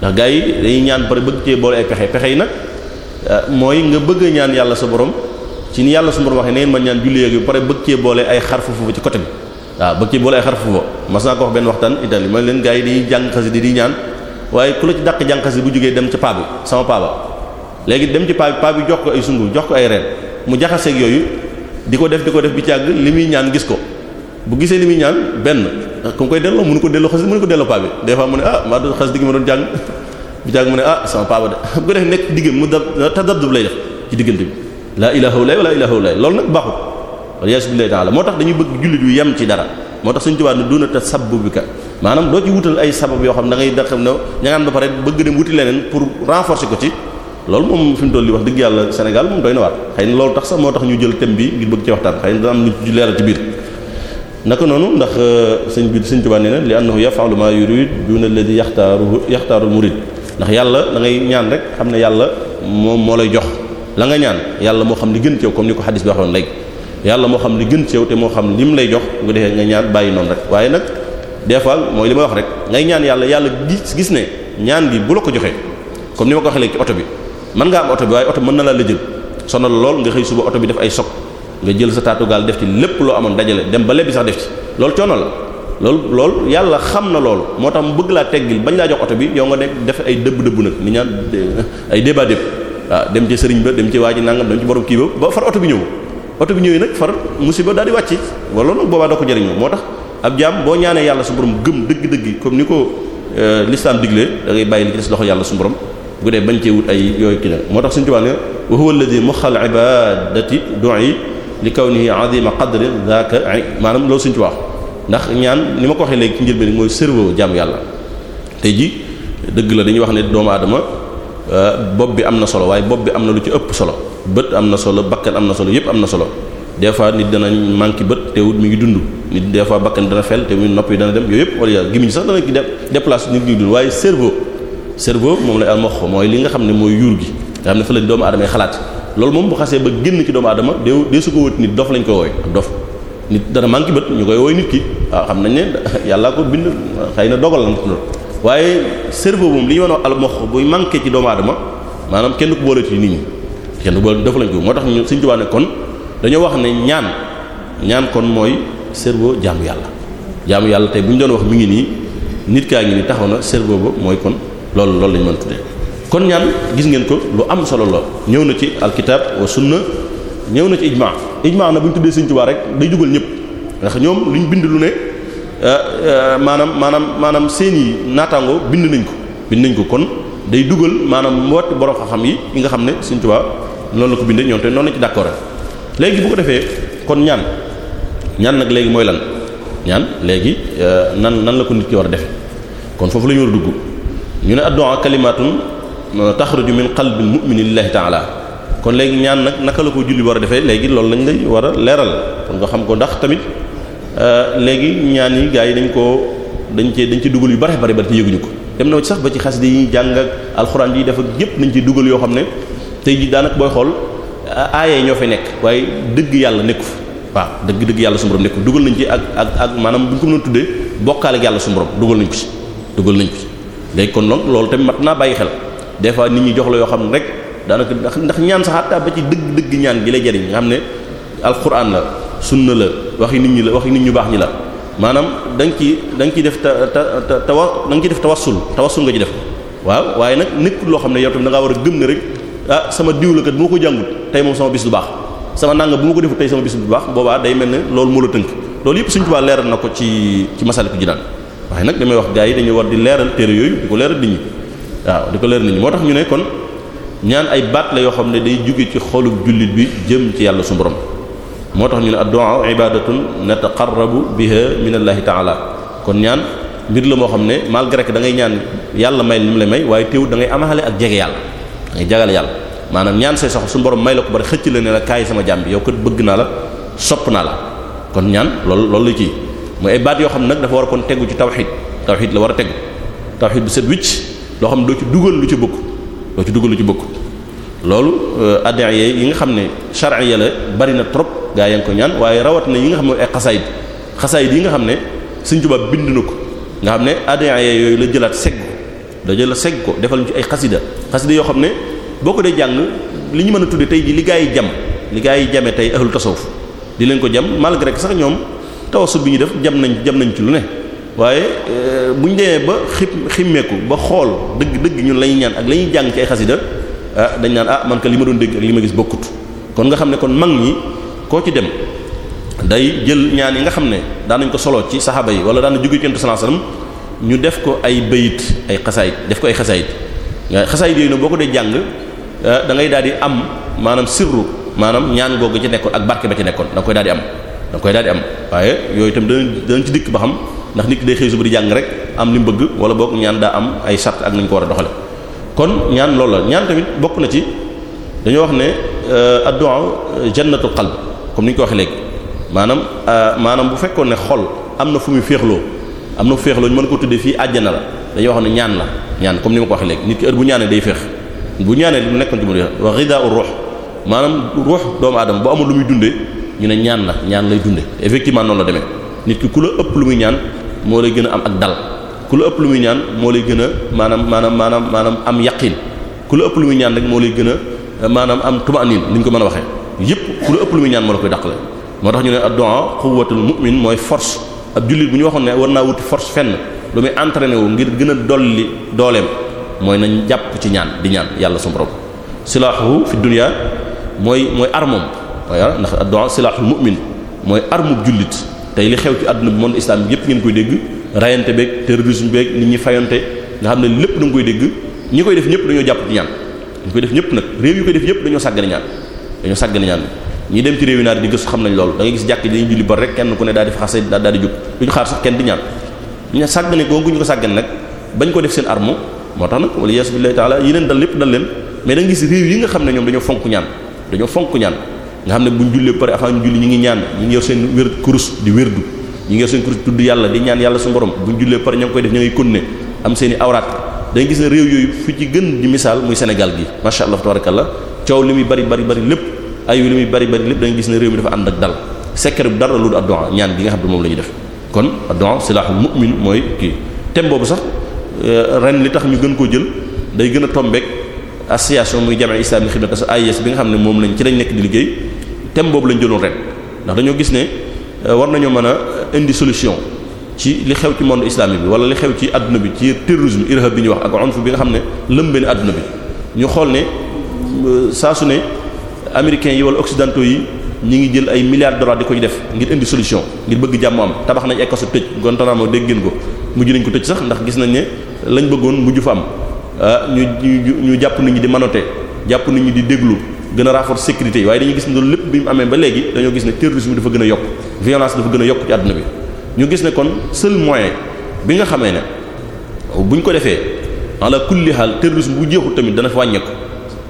ndax gaa yi dañuy ñaan pare bëgg cee boole ay pexe pexe yi nag ah, mooy nga bëgg a ñaan yàlla sa borom ci ni yàlla sa borom waxee neen ma ñaan julli yeeg yu pare bëgg cee boole ay xarfu fufu ci bi waaw bëgg cee boole ay xarfu fufu mas naa ko wax benn waxtaan itali ma leen gaa yi dañuy jàng xasida di ñaan waaye ku la ci dàq jàng xasida bu jógee dem ci paa bi sama paa léegi dem ci paa bi paa bi jox ko ay sungu jox ko ay reen mu jaxaseeg yooyu di ko def di ko def bi ci li muy ñaan gis ko bu gisee li muy ñaan benn ah, ku koy delloo mënu ko delloo ko delloo paa bi des fois mu ne ah maa doon xas digg ma doon jàng bi jàng mu ne ah, de bu ko def nekk digg mu ah, loolu nag baaxul waliyasu moo tax dañuy bëgg jullit yu yem ci moo tax suñu tubaab ne duna ta sabbu maanaam doo ci wutal ay sabab yoo xam da ngay da xam ne ña ngaan ba pare bëgg dem wuti leneen pour renforcer ko ci loolu moom fi mu toll li wax dëgg yàlla Sénégal moom doy na waar xëy na loolu tax sax moo tax ñu jël thème bi ngir bëgg ci waxtaan xëy na dana am lu leeral ci biir naka noonu ndax euh, sëñ bi sëñ Tuubaa nee na li annahu yaf'alu ma yurid duna alladhi yaxtaaruhu yaxtaarul murid ndax yàlla da ngay ñaan rek xam ne yàlla moom moo lay jox la nga ñaan yàlla moo xam li gën ci yow ni ko xadis bi waxoon yàlla moo xam li gën ci te moo xam li mu lay jox nga defee nga ñaan bàyyi noonu rek waaye nag des fois mooy li may wax rek ngay ñaan yàlla yàlla gis gis ne ñaan gi bu la ko joxee comme ni ma ko waxee léegi ci oto bi man nga am oto bi waaye oto mën na laa la jël sonal lool nga xëy suba oto bi def ay sok nga jël sa taatu gaal def ci lépp loo amoon dajale dem ba lebbi sax def ci loolu coono la lool lool yàlla xam na loolu moo tax mu bëgg laa teggil bañ laa jox oto bi yow nga nekk defe ay dëbb dëbb nag ni ñaan ay débat dépp waaw dem ci sëriñ ba dem ci waa ji nangam dem ci borom kii ba ba far oto bi ñëw oto bi ñëwee nag far musiba daal di wàcc wala nag boobaa doo ko jëriñoo moo tax ab jaam boo ñaanee yàlla su borom gëm dëgg-dëgg comme ni ko euh, l'islam digle da ngay bàyyi li yàlla su borom bu dee bañ cee wut ay yooyu ki moo tax suñu tubaab ne wa huwa alladhi mukhal ibadati du'i li kawnihi azima qadri zaka maanaam loolu suñu tubaab ndax ñaan ni ma ko waxee léegi ci njëlbeen mooy cerveau jàmm yàlla tey ji dëgg la dañuy wax ne doomu aadama euh, bopp bi am na solo waaye bopp bi am na lu ci ëpp solo bët am na solo bakkan am na solo yépp am na solo des fois nit dana manqué bët teewut mi ngi dund nit des fois bakkan dana fel te mu nopp yi dana dem yooyu yépp wala yàlla gémmiñ sax dana ki nit ñi dund waaye cerveau servo moom lay al mox mooy li nga xam ne mooy yuur gi nga xam ne fa la doomu aadama xalaat loolu moom bu xasee ba génn ci doomu aadama dee dee su ko wët nit dof lañ koy wooy ak dof nit dana manqué bët ñu koy woy nit ki xam nañ ne yàllaa ko bind xëy na dogal la loolu waaye cerveau moom li ñu wax al mox manqué ci doomu aadama maanaam kenn ku boole ci nit ñi kenn ku boole dof lañ ko moo tax ñu suñ ne kon dañoo wax ne ñaan ñaan kon mooy cerveau jaamu yàlla jaamu yàlla tey bu ñu doon wax mi ngi nii nit kaa ngi ni taxaw na servo ba mooy kon loolu loolu lañ mën tuddee kon ñaan gis ngeen ko lu am solo la ñëw na ci alkitab wa sunna ñëw na ci ijma ijma na bu ñu tuddee Sëriñ Tuubaa rek day jugal ñëpp ndax ñoom lu ñu bind lu ne euh, euh, maanaam maanaam maanaam seen i naataango bind nañ ko bind nañ ko kon day dugal maanaam mbooti borom xam yi yi nga xam ne Sëriñ Tuubaa noonu la ko bindee ñoom te noonu la ci d'accord léegi bu ko defee kon ñaan ñaan nag léegi mooy lan ñaan léegi euh, nan nan la ko nit ki war a defe kon foofu la ñu war ñu ne addu'a kalimatun euh, taxruju min xal qalbi mu'mini lillahi ta'ala kon léegi ñaan nag naka la ko julli war a defee léegi loolu lañ lay war a leeral kon nga xam ko ndax tamit euh, léegi ñaan yi gaa yi dañ ko dañ ci dañ ci dugal yu bare bare bare te yëguñu ko dem na ci sax ba ci xas di jàng ak alxuraan yi def ak yépp dañ ciy dugal yoo xam ne tey ji booy xool aayee ñoo fay nekk waaye dëgg yàlla nekku fa waaw dëgg dëgg yàlla suñu borom nekku dugal nañ ci ak ak maanaam bu ñu ko tuddee bokkaale ak yàlla suñu dugal nañ ci dugal nañ ko ci léegi kon donc loolu tamit mat naa bàyyi xel des fois nit ñi jox la yoo xam ne rek daanaka ndax ñaan sax hatta ba ci dëgg dëgg ñaan gi lay jariñ nga xam ne alquran la sunna la waxi nit ñi la waxi nit ñu baax ñi la maanaam da nga ci da nga ciy def ta ta tawa da nga ciy def tawassul tawassul nga ci def waaw waaye nag nekkul loo xam ne yow tamit da war a gëm ne rek ah sama diw la kat bu ma ko jàngut tey moom sama bis du baax sama nanga bu ma ko defu tey sama bis bu baax boobaa day mel ne loolu moo la loolu yëpp Sëriñ Tuubaa leeral na ko ci ci Masaalikul Jinaan waaye nag damay wax gars yi dañu war di leeral téere yooyu di ko leeral nit ñi waaw di ko leeral nit ñi moo tax ñu ne kon ñaan ay baat la yoo xam ne day jóge ci xolub jullit bi jëm ci yàlla su borom moo tax ñu ne ad-du'a ibadatun nataqarrabu biha min allahi ta'ala kon ñaan mbir la moo xam ne malgré que da ngay ñaan yàlla may li mu lay may waaye teewul da amaxale ak jege yàlla da jagale yàlla maanaam ñaan say sax su mborom may la ko bari xëcc la ne la kaay sama jàmm bi yow kat bëgg naa la sopp naa la kon ñaan loolu loolu la ci mooy ay baat yoo xam ne nag dafa war a kon tegu ci tawxid tawxid la war a tegu tawxid bu set wicc loo xam ne doo ci dugal lu ci bëgg doo ci dugal lu ci bëgg loolu euh, addiya yi nga xam ne shar'iyya la bari na trop gaa yaa ko ñaan waaye rawat na yi nga xam ne ay xasaayid xasaayid yi nga xam ne Sëriñ Tuubaa bind na ko nga xam ne addiya yooyu la jëlaat segg dajal jëla segg ko defal ñu ci ay xasida xasida yoo xam ne boo ko dee jàng li ñu mën a tuddee tey ji li yi jam li yi jame tey ahlu tasawuf di leen ko jam malgré que sax ñoom tawasul bi ñu def jam nañ jam nañ ci lu ne waaye euh, bu ñu demee ba xib ximmeeku ba xool dëgg dëgg ñun lañuy ñaan ak lañuy jàng ci ay xasida ah dañ naan ah man li ma doon dégg ak li ma gis bokkut kon nga xam ne kon mag ñi koo ci dem day jël ñaan yi nga xam ne daan nañ ko solo ci saxaaba yi wala daan na jóge kentu sallallahu alayhi ñu def ko ay bayit ay xasaayit def ko ay xasaayit xasaayit yooyu nag boo ko dee jàng ah, da ngay daal di am maanaam sirru maanaam ñaan googu ci nekkoon ak barke ba ci nekkoon da nga koy daal am da koy daal am waaye yooyu itam danañ danañ ci dikk ba xam ndax nit ki day xëy su bëri jàng rek am li mu bëgg wala boog ñaan daa am ay sart ak nañ ko war a doxale kon ñaan loolu la ñaan tamit bokk na ci dañoo wax ne euh, addu'a jannatul qalb comme ni ñu ko waxee léegi maanaam euh, maanaam bu fekkoon ne xol am na fu muy féexloo am na fu féexloo ñu mën ko tuddee fii àjjana la dañuy wax ne ñaan la ñaan comme ni ma ko waxee nit ki heure bu ñaanee day féex bu ñaanee lu nekkoon ci mu wax ghida'ur ruh maanaam ruh doomu aadama bu amul lu muy dundee ñu ne ñaan la ñaan lay dunde effectivement noonu la demee nit ki ku la ëpp lu muy ñaan moo lay gën a am ak dal ku la ëpp lu muy ñaan moo lay gën a maanaam maanaam maanaam maanaam am yaqiin ku la ëpp lu muy ñaan rek moo lay gën a eh, maanaam am tumaanin ni ñu ko mën a waxee yëpp ku la ëpp lu muy ñaan moo la koy dàqale moo tax ñu ne ad-du'a quwwatul mu'min mooy force ab jullit bu ñu waxoon ne war naa wuti force fenn lu muy entraîné wu ngir gën a dolli dooleem mooy nañ jàpp ci ñaan di ñaan yàlla suñu borom silaahu fi dunya mooy mooy armom waaw ndax addu'a silahul mu'min mooy armub jullit tey li xew ci àdduna bi monde islam yépp ngeen koy dégg rayante beeg terrorisme beeg nit ñi fayonte nga xam ne lépp da koy dégg ñi koy def ñëpp dañoo jàpp ñaan ñi koy def ñëpp nag réew dañoo sàggane ñaan dañoo sàggane ñaan ñi dem ci réew yi naar di gëstu xam nañ loolu da gis jàkk ji dañuy julli ba rek ne daal di faxase daal daal di jóg duñu xaar ñu ko sàggane nag bañ ko def seen arme moo tax nag wala yes billahi taala yi dal lépp dal leen mais da nga gis réew yi nga xam ne ñoom dañoo fonk ñaan dañoo fonk ñaan nga xam ne bu jullee pare avant ñu julli ñu ngi ñaan ñu ngi yor seen wér kurus di wérdu ñu ngi yor seen kurus tudd yàlla di ñaan yàlla su borom buñ jullee pare ña ngi koy def ña ngay konne am seen i awraat dañ gis ne réew yooyu fi ci gën di misaal muy Sénégal gi masha Allah la coow li muy bari bari bari lépp ay li muy bari bari lépp da gis ne réew mi dafa ànd ak dal secret bu dara loolu addu'a ñaan gi nga xam ne moom la ñuy def kon addu'a mooy kii thème boobu sax euh, ren li tax ñu gën koo jël day gën a tombeek association muy jamae islamique xidmat as AIS xam ne moom lañ ci lañ nekk di liggéey thème boobu lañ jëloon ren ndax dañoo gis ne euh, war nañoo mën a euh, indi solution ci li xew ci monde islamique bi wala li xew ci àdduna bi ci terrorisme irhab bi ñuy wax ak onf bi nga xam ne lëmbe ne adduna bi ñu xool ne euh, saa su ne américains yi wala occidentaux yi ñu ngi jël ay milliards de di koy def ngir indi solution ngir bëgg jàmm am tabax nañ ay kaso tëj Guantanamo dégg ngeen ko mujj nañ ko tëj sax ndax gis nañ ne lañ bëggoon mujj fa am ñu ñu ñu jàpp nit ñi di manote jàpp nit di déglu gën a renforcer sécurité yi waaye dañu gis ne loolu lépp bi mu amee ba léegi dañoo gis ne terrorisme dafa gën a yokk violence dafa gën a yokk ci àdduna bi ñu gis ne kon seul moyen bi nga xamee ne bu ñu ko defee ala kulli haal terrorisme bu jeexul tamit dana fa wàññeeku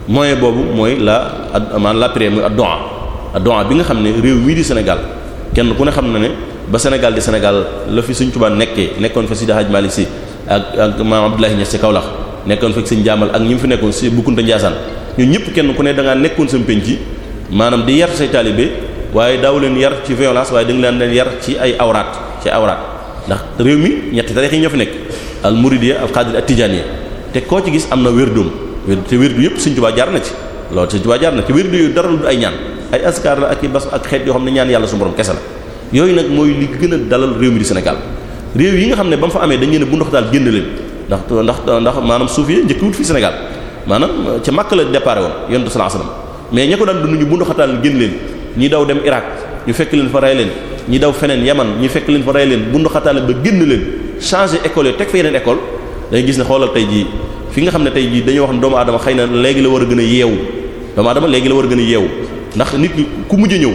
moyen boobu mooy la man la prière mooy ad-du'a bi nga xam ne réew mii di Sénégal kenn ku ne xam na ne ba Sénégal di Sénégal la fi Sëriñ Tuubaa nekkee nekkoon fa Sidi Hadj Malick ak ak maam Abdoulaye Niass ci Kaolack nekkoon fa Sëriñ Jaamal ak ñi fi nekkoon ci Boukounta Ndiassane ñun ñëpp kenn ku ne da ngaa nekkoon sam penc maanam di yar say taalibe waaye daaw leen yar ci violence waaye da nga leen yar ci ay awraat ci awraat ndax réew mi ñetti tariix yi ñoo fi nekk al muridiyya al qadir at tijaniyya te koo ci gis am na wér wérdum te wérdu yëpp Sëriñ Tuubaa jaar na ci loolu Sëriñ Tuubaa jaar na ci wérdu yu dara du ay ñaan ay askar la ak i bas ak xeet yoo xam ne ñaan yàlla su borom kese la yooyu nag mooy li gën a dalal réew mi di Sénégal yi nga xam ne ba fa amee dañu ne bu ndox daal génn leen ndax ndax ndax maanaam suuf yi njëkkiwut fi Sénégal maanaam ca Makka la départ woon yonent sallallahu alayhi wasallam mais ña ko daan dund ñu bundu xataan génn leen ñi daw dem Irak ñu fekk leen fa rey leen ñi daw feneen Yaman ñu fekk leen fa rey leen bundu xataan ba génn leen changer école teg fa yeneen école dañuy gis ne xoolal tey jii fi nga xam ne tey jii dañuy wax ne doomu aadama xay na léegi la war a gën a yeewu doomu aadama léegi la war a gën a yeewu ndax nit ku mujj ñëw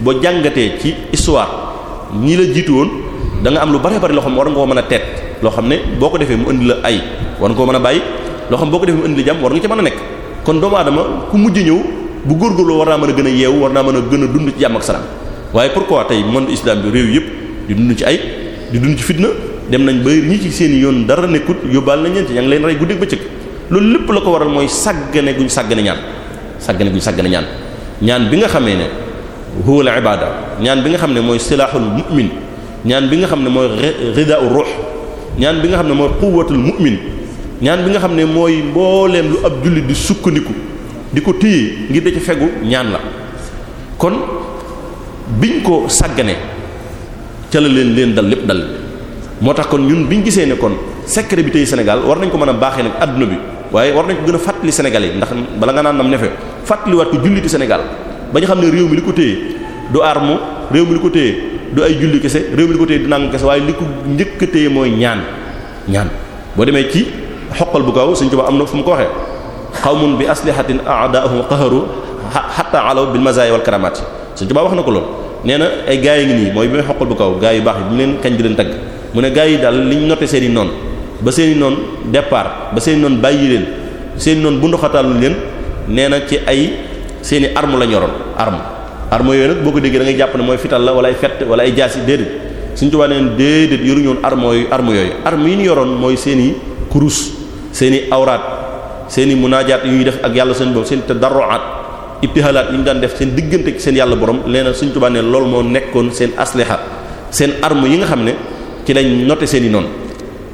boo jàngatee ci histoire ñi la jiitu woon da nga am lu bari bari loo xam ne war nga mën a teet loo xam ne boo ko defee mu indi la ay war nga ko mën a bàyyi loo xam boo ko defee mu indi jàmm war nga ci mën a nekk kon doomu aadama ku mujj ñëw bu góorgóorloo war naa mën a gën a yeewu war naa mën a gën a dund ci jàmm ak salaam waaye pourquoi tey monde islam bi réew yëpp di dund ci ay di dund ci fitna dem nañ ba ñi ci seen yoon dara nekkut yóbbaal nañ leen ci ña ngi leen rey guddeeg bëccëg loolu lépp la ko waral mooy sàggane guñ sàggane ñaan sàggane guñ sàggane ñaan ñaan bi nga xamee ne huwa a ibada ñaan bi nga xam ne mooy silahul mu'min ñaan bi nga xam ne mooy rida'ur ruh ñaan bi nga xam ne mooy quwwatul mu'min ñaan bi nga xam ne mooy mbooleem lu ab jullit di sukkandiku di ko téye ngir da ci fegu ñaan la kon biñ ko sàggane ca la leen leen dal lépp dal moo tax kon ñun bi ñu gisee ne kon secret bi tey Sénégal war nañ ko mën a baaxee nag àdduna bi waaye war nañ ko gën a fàttali Sénégal yi ndax bala nga naan am nefe fàttaliwaat ko julliti Sénégal ba ñu xam ne réew mi li ko téye du arme réew mi li ko téye du ay julli kese réew mi li ko téye du nangu kese waaye li ko njëkk mooy ñaan ñaan xoqal bu kaw Sëriñ Tuubaa am na fu mu ko waxee qawmun bi aslihatin a'da'uhum qaharu hatta alaw bil mazaya wal karamat Sëriñ Tuubaa wax na ko lool nee na ay gaa yi ngi nii mooy bi may xoqal bu kaw gaa yu baax yi bu leen kañ di leen tagg mu ne gaa yi daal liñ noté seen i noon ba seen noon noonu départ ba seen i noonu bàyyi leen seen i noonu bu ndoxataalu leen nee na ci ay seeni i arme la ñoroon arme arme yooyu nag boo ko déggee da ngay jàpp ne mooy fital la wala ay fett wala ay jaasi déedéet Sëriñ Tuubaa neen déedéet yoruñu woon arme yooyu arme yi ñu yoroon mooy seen kurus seen i awraat seen i munaajaat yu ñuy def ak yàlla seen borom seen tadarruaat ibtihalaat yu ñu daan def seen diggante ak seen yàlla borom leena suñ Tuubaa ne loolu moo nekkoon seen asliha seen armo yi nga xam ne ci lañ noté seen i noonu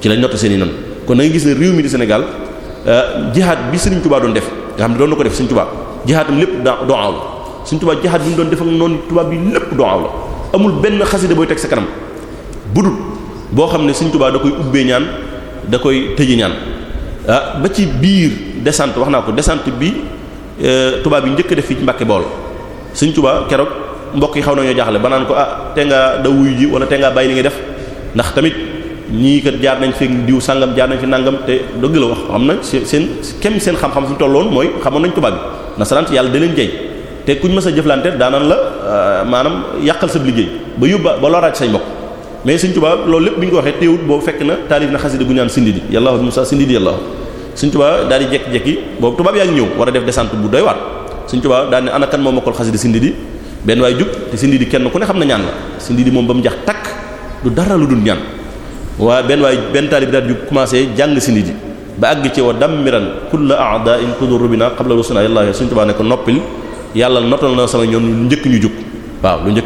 ci lañ noté seeni noon kon da gis ne réew mi di Sénégal euh, jihaad bi Sëriñ Tuubaa doon def nga xam ne doon na ko def Sëriñ Tuubaa jihaatam lépp doo aw la Sëriñ Tuubaa jihaad bi mu doon def ak noonu tubaab bi lépp doo aw amul benn xasida booy teg sa kanam budul boo xam ne Sëriñ Tuubaa da koy ubbee ñaan da koy tëji ñaan ah ba ci biir descente wax naa ko descente bi euh, tubaab yi njëkk def fii ci Mbàkke Bawol suñ Tuubaa keroog mbokk yi xaw nañoo jaaxle ba naan ko ah tenga ngaa da ji wala te ngaa bàyyi li nga def ndax tamit ñii kat jaar nañ fi diw sangam jaar nañ fi nangam te dëgg la wax xam na seen kem seen xam-xam suñu tolloon mooy xamoon nañ tubaab bi nasaraan si yàlla da leen te ku kuñ mës a jëflante daanan la euh, maanaam yàqal sa liggéey ba yóbba ba loraat say mbokk mais Sëriñ Tuubaa loolu lépp bi ñu ko waxee teewul boobu fekk na taalif na xasida gu ñaan sindidi yàllaahu Musaa sindidi yàllaahu Sëriñ Tuubaa daal di jekki-jekki boobu tubaab yaa ngi ñëw war a def descente bu doy waat Sëriñ daal ne ana kan moo mokkal xasida sindidi benn waay jug te sindidi kenn ku ne xam na ñaan la sindidi moom ba mu jax takk du dara lu dul ñaan waa benn waay benn taalib daal jug commencé jàng sindidi ba àgg ci wa dammiran kulla a'da'in kudur rubina qabla rusuna yàllaahu Sëriñ Tuubaa ne ko noppil yàlla notal na sama ñoom njëkk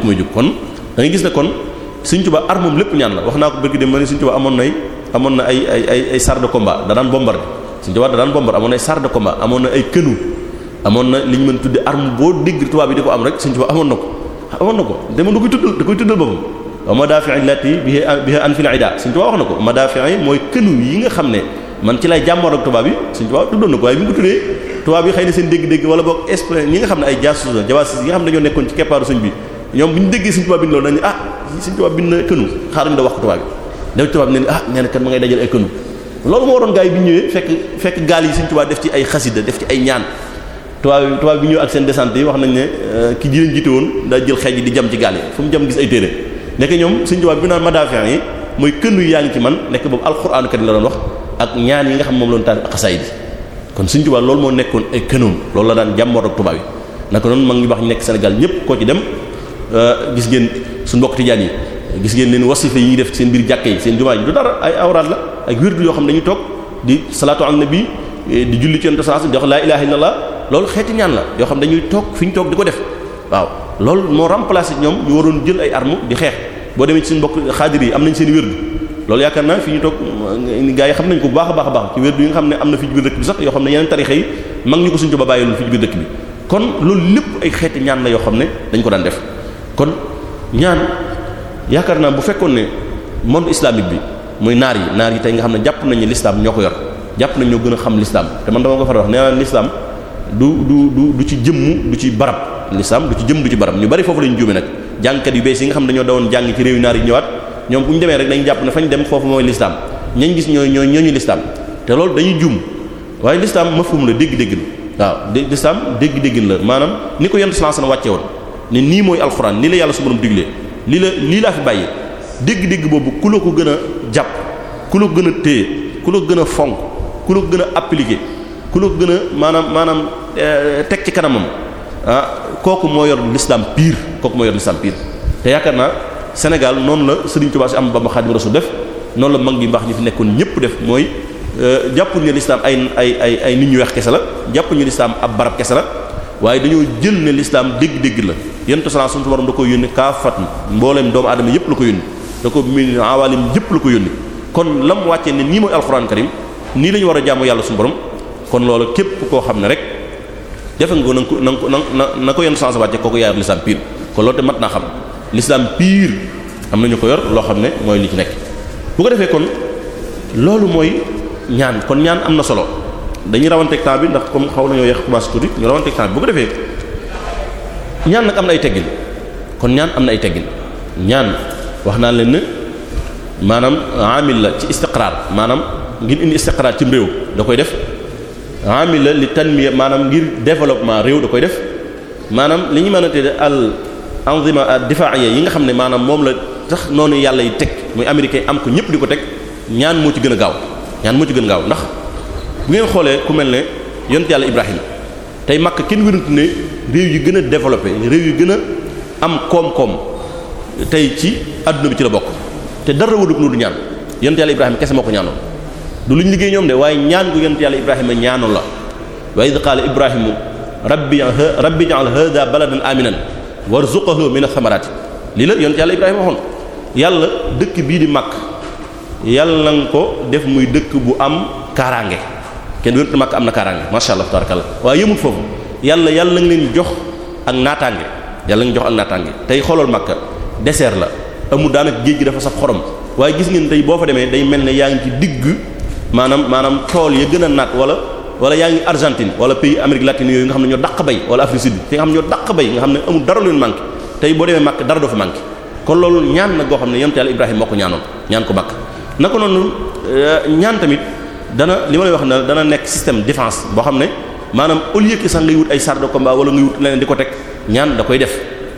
ñu Sëriñ Tuubaa armam lépp ñaan la wax naa ko bëgg dem ma ne Sëriñ Tuubaa amoon nay amoon na ay ay ay ay da daan bombarde Sëriñ Tuubaa da daan bombarde amoon na ay char de combat amoon na ay kënu amoon na li ñu mën tudde arme boo dégg tubaab bi di ko am rek Sëriñ Tuubaa amoon na ko amoon na ko dama da koy tuddal da koy tuddal boppam wa madafi'i lati biha biha anfil ida Sëriñ Tuubaa wax na ko madafi'i mooy kënu yi nga xam ne man ci lay jàmmoor ak tubaab yi Sëriñ Tuubaa tuddoon yi xëy na seen dégg-dégg wala boog exprès ñi nga xam ne ay jaasus la jawaasis yi nga bi ñoom bu ñu déggee Sëriñ Tuubaa bind loolu dañu ah Sëriñ Tuubaa bind kënu xaar ñu da wax ko tubaab bi ah, na kat ma ngay dajal ay kënu loolu waroon gaa yi bi ñëwee fekk fekk gaal yi Sëriñ Tuubaa def ci ay xasida def ci ay ñaan tubaab tubaab bi ak seen descente wax nañ ne euh, ki ji lañ jiite woon daa jël xeej yi di jam ci gaal yi fu mu jam gis ay téere nekk ñoom Sëriñ Tuubaa bi naan madafian yi mooy kënu yaa ngi ci man nekk boobu alxuraan kat la doon wax ak ñaan yi nga xam moom loonu taal ak xasaay kon Sëriñ Tuubaa loolu moo nekkoon ay kënoom loolu la daan jàmmoor ak tubaab yi naka noonu ma ngi wax nekk Sénégal ñëpp koo ci dem Euh, gis ngeen su mbokk tijaan yi gis ngeen leen wasifa yi ñuy def seen biir jàkka yi seen jumaa yi du dara ay awraat la ay wirdu yoo xam ne dañuy toog di salaatu ala nabi eh, di julli ci yonent sallallahu alayhi wasallam di la loolu xeeti ñaan la yoo xam ne dañuy toog fi ñu toog di def waaw loolu moo remplacé ñoom ñu waroon jël ay armes di xeex boo demee ci mbokk xaadir yi am nañ seen wirdu loolu yaakaar naa fi ñu toog eh, gaa yi xam nañ ko baax a baax a baax nga xam ne am na fi ci biir dëkk bi sax yoo xam ne yeneen tarixa yi mag ñu ko suñu ba ay xeeti ñaan la yoo xam ne dañ ko daan def kon ñaan yaakaar naa bu fekkoon ne monde islamique bi mooy naar yi naar yi tey nga xam ne jàpp nañu l'islam ñoo ko yor jàpp nañ ñoo gën a xam l'islam te man dama ko fara wax nee naa l'islam du du du du ci jëmm du ci barab l'islam du ci jëmm du ci barab ñu bari foofu lañu juume nag jàngkat yu bees yi nga xam ne dañoo dawoon jàng ci réew naar yi ñëwaat ñoom bu ñu demee rek dañu jàpp ne fañ dem foofu mooy l'islam ñañ gis ñooy ñooy ñooñu l'islam te loolu dañuy juum waaye l'islam mafhum la dégg-dégg la waaw l'islam dégg-dégg la maanaam ni ko yent sallallahu alayhi wasallam wàcce woon ne nii mooy alxuraan nii la yàlla su borom diglee lii la lii laa fi bàyyi dégg-dégg boobu ku la ko gën a jàpp ku la ko gën a téye ku la ko gën a fonk ku la ko gën a appliquer ku la ko gën a maanaam maanaam eh, teg ci kanamam ah kooku moo yor l'islam pire kooku moo yor l'islam pire te yaakaar naa Sénégal noonu la Serigne Touba si am Bamba Xaadimu Rasuul def noonu la mag ñi mbaax ñi fi nekkoon ñëpp def mooy eh, jàppuñu ne l'islam ay ay ay ay nit ñu weex kese la jàppuñu ñu l'islam ab barab kese la. waaye dañoo jël ne l'islam dégg-dégg la yentu sala suñu borom da ko yónni kaafat mbooleem doomu aadama yëpp la ko yónni da ko min awalim yëpp la ko yónni kon lam wàccee ne nii mooy alxuraan karim nii la ñu war a jàmm yàlla suñu borom kon loolu képp koo xam ne rek jafe nga ko na ko na na na ko yenn sens wàcce kooku yaayam l'islam pire kon loolu te mat naa xam l'islam pire am na ñu ko yor loo xam ne mooy li ci nekk bu ko defee kon loolu mooy ñaan kon ñaan am na solo dañuy rawanteeg temps bi ndax comme xaw nañoo yeex commencé tuuti ñu rawanteeg temps bi bu ko defee ñaan nag am na ay teggin kon ñaan am na ay teggin ñaan wax naa leen ne maanaam amil la ci istiqraar maanaam ngir indi istiqraar ci réew da koy def amil la li tanmiya maanaam ngir développement réew da koy def maanaam li ñu mën a tëddee al anzima difaa yee yi nga xam ne maanaam moom la tax noonu yàlla yi teg muy américain am ko ñëpp di ko teg ñaan moo ci gën a gaaw ñaan moo ci gën a gaaw ndax bu ngeen xoolee ku mel ne yont yàlla Ibrahima tey makk kenn wérante ne réew yi gën a développé réew yi gën a am koom-koom tey ci adduna bi ci la bokk te dara wërëb nu du ñaan yont yàlla Ibrahima kese moo ko ñaanoon du lu ñu liggéey ñoom de waaye ñaan gu yont yàlla Ibrahima ñaanoon la wa id qaala Ibrahimu rabbi rabbi ja'al hadha baladan aminan warzuqhu min ath-thamarati lii la yont yàlla Ibrahima waxoon yàlla dëkk bii di màkk yàlla na ko def muy dëkk bu am kaaraange kenn wérut Makka am na kaaraange macha allah tabarakallah waaye yëmul foofu yàlla yàlla nga leen jox ak naataange yàlla nga jox ak naataange tey xoolal Makka désert la amul daanaka géej gi dafa saf xorom waaye gis ngeen tey boo fa demee day mel ne yaa ngi ci digg maanaam maanaam tool ya gën a naat wala wala yaa ngi Argentine wala pays Amérique latine yooyu nga xam ne ñoo daq bay wala Afrique sud fi nga xam ne ñoo daq bay nga xam ne amul dara lu leen manqué tey boo demee Makka dara doo fa manqué kon loolu ñaan na goo xam ne yonent Yàlla Ibrahima moo ko ñaanoon ñaan ko Makka naka noonu euh, ñaan dana li ma lay wax na dana nekk système défense boo xam ne maanaam au lieu que sax ngay wut ay chars ko combat wala ngay wut leneen di ko teg ñaan da koy def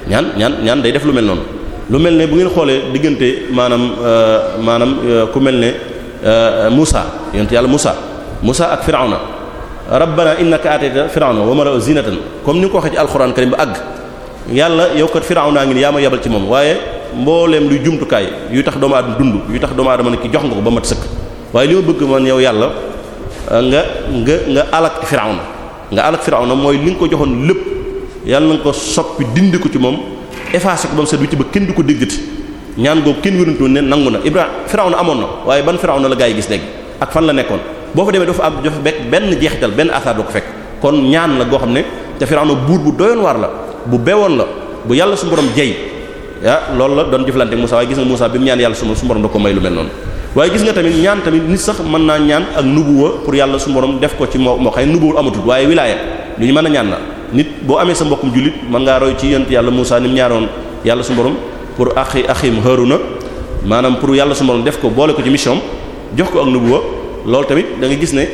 ñaan ñaan ñaan day def lu mel noonu. lu mel ne bu ngeen xoolee diggante maanaam euh, maanaam euh, ku mel ne euh, Moussa yonent yàlla Moussa Moussa ak Firawna rabbana innaka atayta Firawna wa mala zinatan comme ni nga ko waxee ci alxuraan karim ba àgg yàlla yow kat Firawna ngi nii yaa ma yebal ci moom waaye mbooleem luy jumtukaay yu tax doomu aadama yu tax doomu aadama ne ki jox nga ko ba mat sëkk. waaye li ma bëgg man yow yàlla euh, nga nga nga alak firawna nga alak firawna mooy li nga ko joxoon lépp yàlla na nga ko soppi dindi ko ci moom effacé ko ba mu set wicc ba kenn du ko déggati ñaan googu kenn wérantu ne nangu na Ibrahima na amoon na waaye ban na la gaa yi gis léegi ak fan la nekkoon boo fa demee dafa am dafa bekk benn jeexital benn asaar doo ko fekk kon ñaan la goo xam ne te firawna buur bu doyoon waar la bu bewoon la bu yàlla su borom jey ah loolu la doon jëflante Musaa waaye gis nga ko may lu mel waaye gis nga tamit ñaan tamit nit sax mën naa ñaan ak nubuwa pour yàlla su borom def ko ci moo moo xëy nubuwul amatul waaye wilaaya lu ñu mën a ñaan na nit boo amee sa mbokkum jullit mën ngaa roy ci yent yàlla Musaa ni mu ñaaroon yàlla su borom pour axi axim Haaruna maanaam pour yàlla su borom def ko boole ko ci mission jox ko ak nubuwa loolu tamit danga gis ne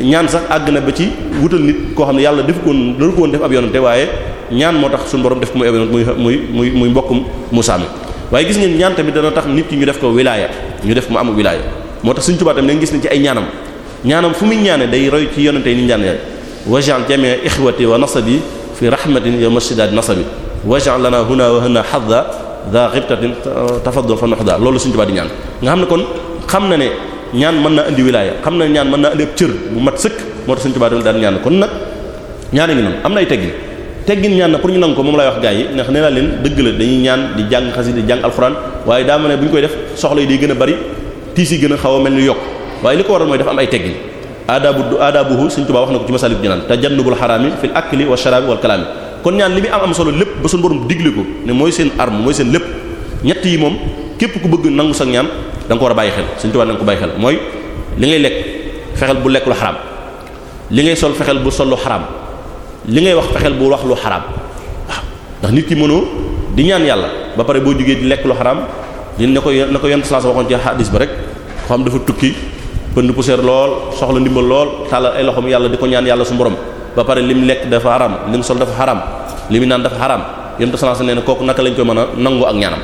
ñaan sax àgg na ba ci wutal nit koo xam ne yàlla def ko woon def ab yonante waaye ñaan moo tax suñu borom def ko muy ab yonante muy muy muy mbokkum Musaa mi waaye gis ngeen ñaan tamit dana tax nit ñu def ko wilaaya ñu def mu am wilaaya moo tax Sëriñ Tuubaa tamit nga gis ne ci ay ñaanam ñaanam fu muy ñaane day roy ci yonente yi ni ñaan yàlla waj'al jami'a ikhwati wa nasabi fi rahmatin yawma shiddati nasabi waj'al lana huna wa huna hadda da ghibtatin tafaddal fa nuhda loolu Sëriñ Tuubaa di ñaan nga xam ne kon xam na ne ñaan mën naa indi wilaaya xam na ñaan mën naa indi ab bu mat sëkk moo tax Sëriñ Tuubaa daan ñaan kon nag ñaana ngi am na ay teggin teggin ñaan na pour ñu nangu ko moom lay wax gaa yi ndax nee leen dëgg la dañuy ñaan di jàng xasi di jàng alxuraan waaye daa ma ne bu ñu koy def soxla yi day gën a bari tiis yi gën a xaw a mel ni yokk waaye li ko waral mooy dafa am ay teggin aadabu aadabuhu Sëriñ Tuubaa wax na ko ci masalik jinaan tajannubul xaraami fil akli wa sharabi wal kalaami kon ñaan li muy am am solo lépp ba suñu borom digle ko ne mooy seen arme mooy seen lépp ñett yi moom képp ku bëgg nangu sa ñaan da ko war xel Sëriñ Tuubaa da ko bàyyi xel mooy li ngay lekk fexeel bu lekk lu xaraam li ngay sol fexeel bu sol xaraam li ngay wax fexeel bu wax lu xaraam waaw ndax nit ki mënoo di ñaan yàlla ba pare boo jógee lekk lu xaraam di ne ko na ko yent sallallahu alayhi wasallam waxoon ci hadis ba rek ko xam dafa tukki pënd poussière lool soxla ndimbal lool tàllal ay loxoom di ko ñaan yàlla su borom ba pare lim lekk dafa xaraam lim sol dafa xaraam li mu naan dafa xaraam yent sallallahu alayhi wasallam nee na kooku naka lañ koy mën a nangu ak ñaanam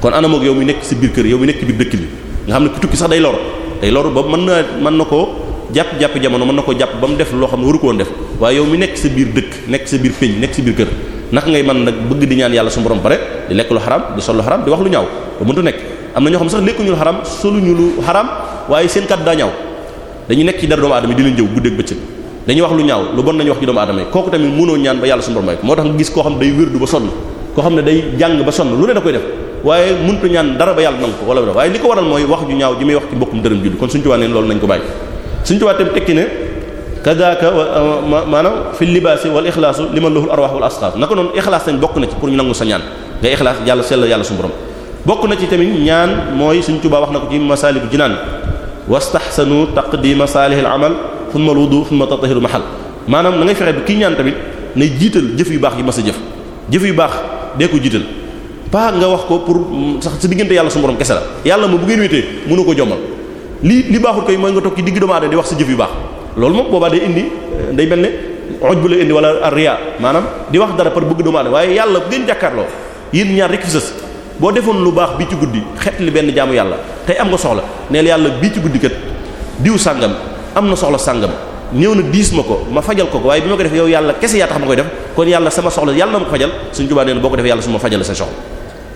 kon anam ak yow mi nekk ci biir kër yow mi nekk biir dëkk bi nga xam ne ku tukki sax day lor day lor ba mën na mën na ko jàpp-jàpp jamono mën na ko jàpp ba mu def loo xam ne waru ko woon def waaye yow mi nekk sa biir dëkk nekk sa biir péñ nekk sa biir kër naka ngay mën nag bëgg di ñaan yàlla su borom pare di lekk lu xaram di sol lu xaram wax lu ñaaw ba mëntu nekk am na ñoo xam sax xaram waaye seen kat daa ñaaw dañuy nekk ci dara doomu aadama yi di leen jëw guddeeg bëccëg dañuy wax lu ñaaw lu bon nañu wax ci doomu aadama yi kooku tamit mënoo ñaan ba yàlla su borom moo tax nga gis koo xam day wérdu ba sonn koo xam ne day jàng ba sonn lu ne da koy def waaye mëntu suñu tubaab itam tekki ne kadaka uh, maanaam fi libaasi wal ixlaasu liman lahul arwaax wal asxaas naka noonu ixlaas nañ bokk na ci pour ñu nangu sa ñaan nga ixlaas yàlla sellal yàlla suñu borom bokk na ci tamit ñaan mooy suñu tubaab wax na ko ci masaaliku jinaan wastahsanu taqdima saalihil amal thumma wudu thumma ma mahal maanaam na ngay fexe bi kii ñaan tamit ne jiital jëf yu baax yi ma sa jëf jëf yu baax dee ko jiital pa nga wax ko pour sax si diggante yàlla suñu borom kese la yàlla mu bu ngeen wéetee mënu ko jommal li li baaxul koy mooy nga toog ci digg doomu aadama di wax sa jëf yu baax loolu moom boobaa day indi day mel ne oj bu lay indi wala riya maanaam di wax dara par bëgg doomu aadama waaye yàlla bu ngeen jàkkaarloo yéen ñaar rek fi boo defoon lu baax bi ci guddi xet li benn jaamu yàlla tey am nga soxla neel yàlla bii ci guddi kat diw sàngam am na soxla sàngam ñëw na diis ma ko ma fajal ko ko waaye bi ma ko def yàlla kese yaa tax ma koy def kon yàlla sama soxla yàlla na ma ko fajal suñ ko defee yàlla su ma fajal sa soxla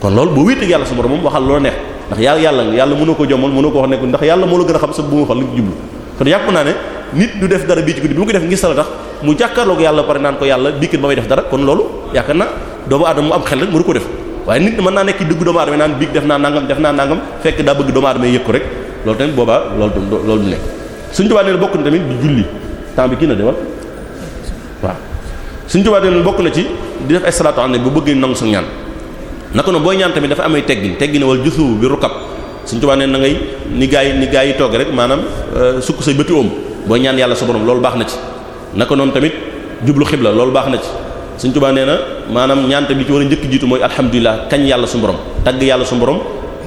kon loolu boo wéeteeg yàlla su borom moom ndax yàlla yàlla yàlla mënoo ko jomal mënoo ko wax ne ndax yàlla moo la gën a xam sa bu ma jublu kon yàpp naa ne nit du def dara bii ci guddi bi mu ko def ngir sala tax mu jàkkaarloog yàlla pare naan ko yàlla biikit ba may def dara kon loolu yaakaar naa doomu aadama mu am xel rek mënu ko def waaye nit mën naa nekk dugg doomu aadama naan biig def naa nangam def naa nangam fekk daa bëgg doomu aadama yëg ko rek loolu tamit boobaa loolu loolu du nekk suñu tubaab nee bokk na tamit di julli temps bi kii na demal waaw suñu tubaab nee bokk na ci di def ay salaatu ala nabi bu bëgg nangu sa naka noonu booy ñaan tamit dafa amee teggin teggin wala jusuwu bi rukkab suñ tubaab nee na ngay ni gaa yi ni toog rek maanaam euh, sukk say bëti oom booy ñaan yàlla su borom loolu baax na ci naka noonu tamit jublu xibla loolu baax na ci suñ tubaab nee na maanaam ñaan tamit li ci war a njëkk jiitu mooy alhamdulilah kañ yàlla su borom tagg yàlla su borom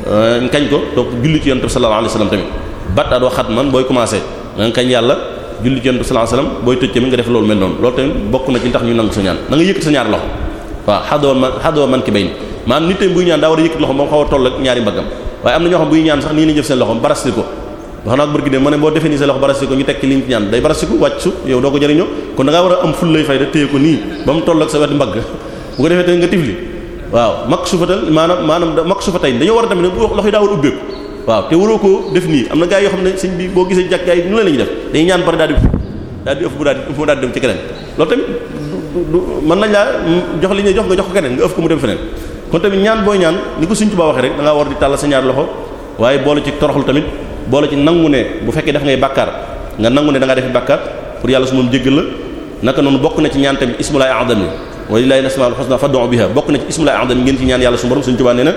euh, kañ ko toog julli ci yonent bi sallallahu alayhi wasallam tamit bat at waxat man booy commencé da nga kañ yàlla julli ci yonent bi sallallahu alayhi wasallam booy tëj tamit nga def loolu mel noonu loolu bokk na ci tax ñu nangu sa ñaan da nga yëkkati sa ñaar loxo waaw xadoo man xadoo man ki bay maanaam nit tamit buy ñaan daa war a yëkkati loxo moom xaw a toll ak ñaari mbaggam waaye am na ñoo xam buy ñaan sax nii ni jëf seen loxo barasli ko da a am fullay fay ba mu toll ko defee te dañoo war a tamit bu loxo yi daa a ubbeeku waaw te waroo koo def nii am na gaa yoo dem ci nañ laa jox li ñuy jox nga jox ko keneen nga ëf ko mu dem feneen kon tamit ñaan booy ñaan li ko Sëriñ Tuubaa waxee rek da ngaa war di tàllal sa ñaar loxo waaye boole ci toroxlu tamit boole ci nangu ne bu fekkee def ngay bàkkaar nga nangu ne danga ngaa defi bàkkaar pour yàlla su moom jéggal la naka noonu bokk na ci ñaan tamit ismulaay adami wa lillahi al-asmaul husna fad'u biha bokk na ci ismulaay adami ngeen ci ñaan yàlla su borom Sëriñ Tuubaa nee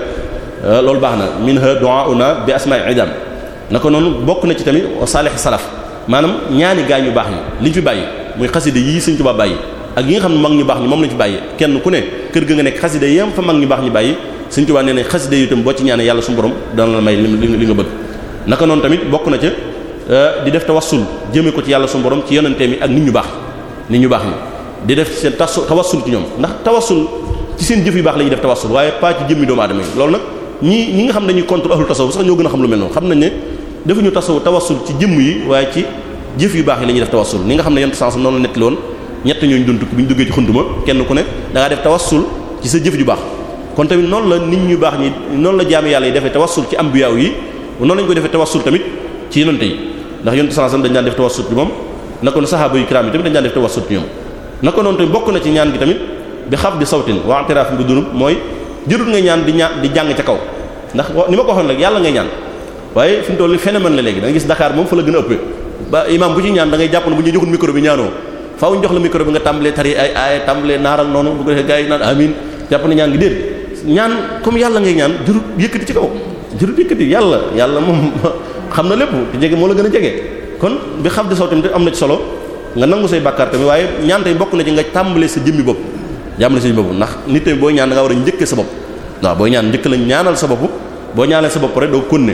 ah, loolu baax na minha du'auna bi asma'i idam naka noonu bokk na ci tamit salih salaf maanaam ñaani gaañ yu baax yi liñ fi bàyyi muy xasida yii Sëriñ Tuubaa bàyyi ak yi nga xam ne mag ñu baax ñi moom lañu fi bàyyi kenn ku ne kër ga nga nekk xasida yam fa mag ñu baax ñi bàyyi Sëriñ Tuubaa nee na xasida yi itam boo ñaanee yàlla suñu borom dana la may li nga bëgg naka noonu tamit bokk na ca euh, di def tawassul jëmee ko ci yàlla suñu borom ci yonente mi ak nit ñu baax nit ñu baax ñi di def seen tawassul ci ñoom ndax tawassul ci seen jëf yu baax la ñuy def tawassul waaye pas ci jëmmi doomu aadama yi loolu nag ñi nga xam dañuy contre ahlu tasawuf sax ñoo a xam lu mel noonu xam nañ ne defuñu tasaw waaye ci jëf yu nga xam ne yent sens noonu la netti ñett ñooñu dund tukki bi ñu duggee ci xunduma kenn ku ne da ngaa def tawassul ci sa jëf ju baax kon tamit noonu la nit ñu baax ñi noonu la jaami yàlla yi defee tawassul ci ambiya yi noonu lañu ko defee tawassul tamit ci yonent yi ndax yonent sallallahu alayhi wasallam dañu daan def tawassul ci moom naka noonu saxaaba yu kiraam yi tamit dañu daan def tawassul ci noonu tamit bokk na ci ñaan gi tamit bi xaf di sawtin wa i'tiraf bi dunub mooy jërul ngay ñaan di ñaan di jàng ca kaw ndax ni ma ko waxoon rek yàlla ngay ñaan waaye fi mu toll phénomène la léegi nga a ëppee ba imam bu ci ñaan da ngay faaw ñu jox la micro bi nga tàmbalee tari ay ay tàmbalee naaral noonu bu ko defee gars naan amin jàpp na ñaan ngi déet ñaan comme yàlla ngay ñaan jurut yëkkati ci kaw jurut yëkkati yàlla yàlla moom xam na lépp te jege moo la gën a jege kon bi xam di saw tamit am na ci solo nga nangu say bàkkaar tamit waaye ñaan tey bokk na ci nga tàmbalee sa jëmmi bopp jàmbale sa jëmmi bopp ndax nit tamit booy ñaan da war a njëkkee sa bopp waaw booy ñaan njëkk la ñaanal sa bopp boo ñaanal sa bopp rek doo kunne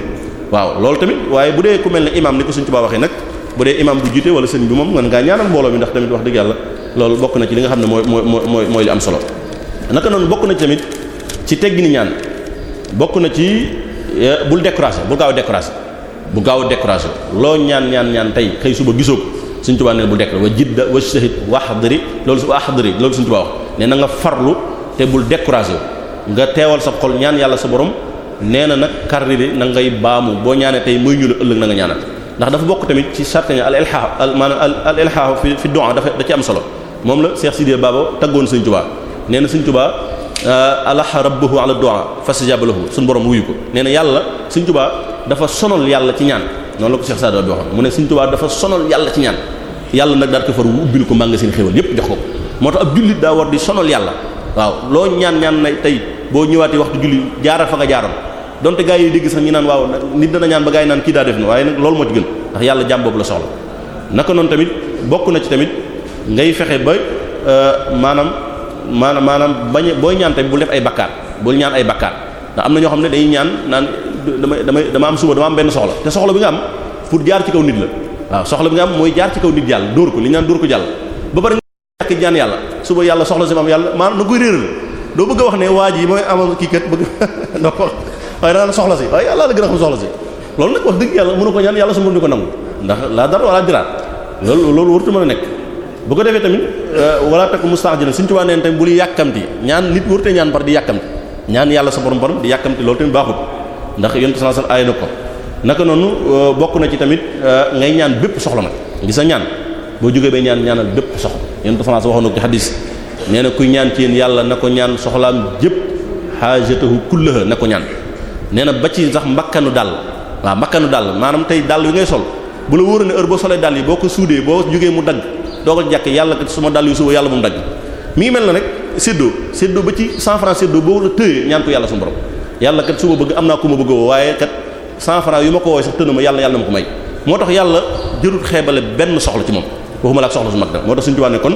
waaw loolu tamit waaye bu dee ku mel waxee nag bu dee imam bu jiite wala sëñ bi moom mën ngaa ñaanal mbooloo mi ndax tamit wax dëgg yàlla loolu bokk na ci li nga xam ne mooy mooy mooy mooy li am solo naka noonu bokk na ci tamit ci teggini ñaan bokk na ci eh, bul décourager bul gaaw a bu gaaw a loo ñaan ñaan ñaan tey xëy suba gisoo ko suñ tubaa neen bul décourager wa jidda wa shahid wa hadri loolu wa hadri loolu suñ tubaa wax nee na nga farlu te bul décourager nga teewal sa xol ñaan yàlla sa borom nee na nag karri bi na ngay baamu boo ñaanee tey muy ñu la ëllëg na nga ñaanal ndax dafa bokk tamit ci charte al ilhah maanaam al ilhah fi fi du'a dafa da am solo moom la Cheikh Sidiye Baba taggoon Sëriñ Tuubaa nee na Sëriñ Tuubaa euh, alaha rabbahu ala du'a fastajaba lahu suñu borom wuyu ko nee na yàlla Sëriñ Tuubaa dafa sonol yàlla ci ñaan noonu la ko Cheikh Sadio di waxoon mu ne Sëriñ Tuubaa dafa sonal yàlla ci ñaan yàlla nag daal ko far ubbil ko magasin xéwal yépp jox ko moo tax ab jullit daa war di sonal yàlla waaw loo ñaan ñaan na tey boo ñëwaatee waxtu julli jaaral fa nga jaaroon donte gaa yi dégg sax ñi naan waaw nit dana ñaan ba gaa yi naan kii daa def na waaye nag loolu moo ci gën ndax yàlla jàmm la soxla naka noonu tamit bokk na ci tamit ngay fexe ba euh, maanaam maanaam maanaam bañ booy ñaan tamit bul def ay bakkaar bul ñaan ay bakkaar ndax am na ñoo xam ne day ñaan naan damay damay dama am suba dama am benn soxla te soxla bi nga am pour jaar ci kaw nit la waaw soxla bi nga am mooy jaar ci kaw nit yàlla dóor ko li ñaan dóor ko jàll ba pare ñàkk ñaan yàlla suba yàlla soxla si ma am yàlla maanaam na koy réeral a ne waa ji mooy amal kii kat bëgg waaye danaan soxla si waaye yàlla la gën a xam soxla si loolu nag wax dëgg yàlla mënu ko ñaan yàlla su mën di ko nangu ndax laa dar wala diraat loolu loolu wartu mën a nekk bu ko defee tamit euh, wala takk musta'jilan suñu tubaab neen tamit bul yàkkamti ñaan nit wërte ñaan par di yàkkamti ñaan yàlla sa borom borom di yàkkamti loolu tamit baaxut ndax yonent sallallahu alayhi wasallam aay na ko naka noonu euh, bokk na ci tamit euh, ngay ñaan bépp soxla nag gis sa ñaan boo jógee bay ñaan ñaanal bépp soxla yonent sallallahu alayhi wasallam waxoon na ko ci xadis nee na kuy ñaan ci yéen yàlla na ko ñaan soxlaam ko ñaan nee na ba ci sax mbakkanu dàll waa mbakkanu dàll maanaam tey dàll yu ngay sol bu la wóor ne heure boo solee dàll yi boo ko suudee boo jógee mu dagg doogal jàkk yàlla suma dàll yu suba yàlla bu mu dagg mi ngi mel na rek séddoo séddoo ba ci 100 francs séddoo boo la tëyee ñaan ko yàlla suñu borom yàlla kat suba bëgg am naa ku ma bëggoo waaye kat 100 francs yu ma ko wooy sax tëna ma yàlla yàlla na ma ko may moo tax yàlla jërut xeebale benn soxla ci moom waxuma la soxla su mag da moo tax suñu tubaab ne kon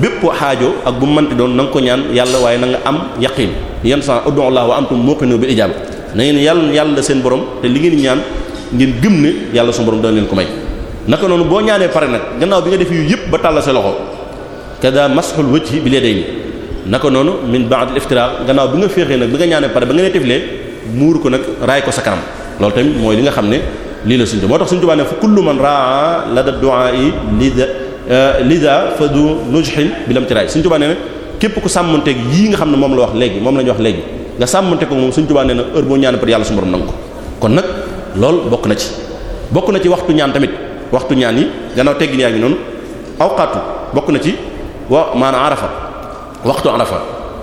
bépp xaajo ak bu mu doon na nga ko ñaan yàlla waaye na nga am yaqiin yan sa ud'u Allah wa antum muqinu bil ijaba na ngeen yàlla yàlla seen borom te li ngeen ñaan ngeen gëm ne yàlla suñu borom dana leen ko may naka noonu boo ñaanee pare nag gannaaw bi nga def yu yëpp ba tàllal sa loxo kada masxul wajhi bi yadayni naka noonu min ba'd al-iftiraq gannaaw bi nga féexee nag bi nga ñaanee pare ba nga ne teflee muur ko nag raay ko sa kanam loolu tamit mooy li nga xam ne lii la suñu moo tax suñu tubaab ne fa kullu man raa la da du'a yi lida euh, lida fa du nujhin bilam tiraay suñu tubaab ne nag képp ku sàmmanteeg yii nga xam ne moom la wax léegi moom la ñu léegi nga sàmmante ko moom suñ tubaa nee na heure boo ñaan par yàlla su borom nangu ko kon nag lool bokk na ci bokk na ci waxtu ñaan tamit waxtu ñaan yi gannaaw teggin yaa ngi noonu awqaatu bokk na ci wa maanaam arafa waxtu arafa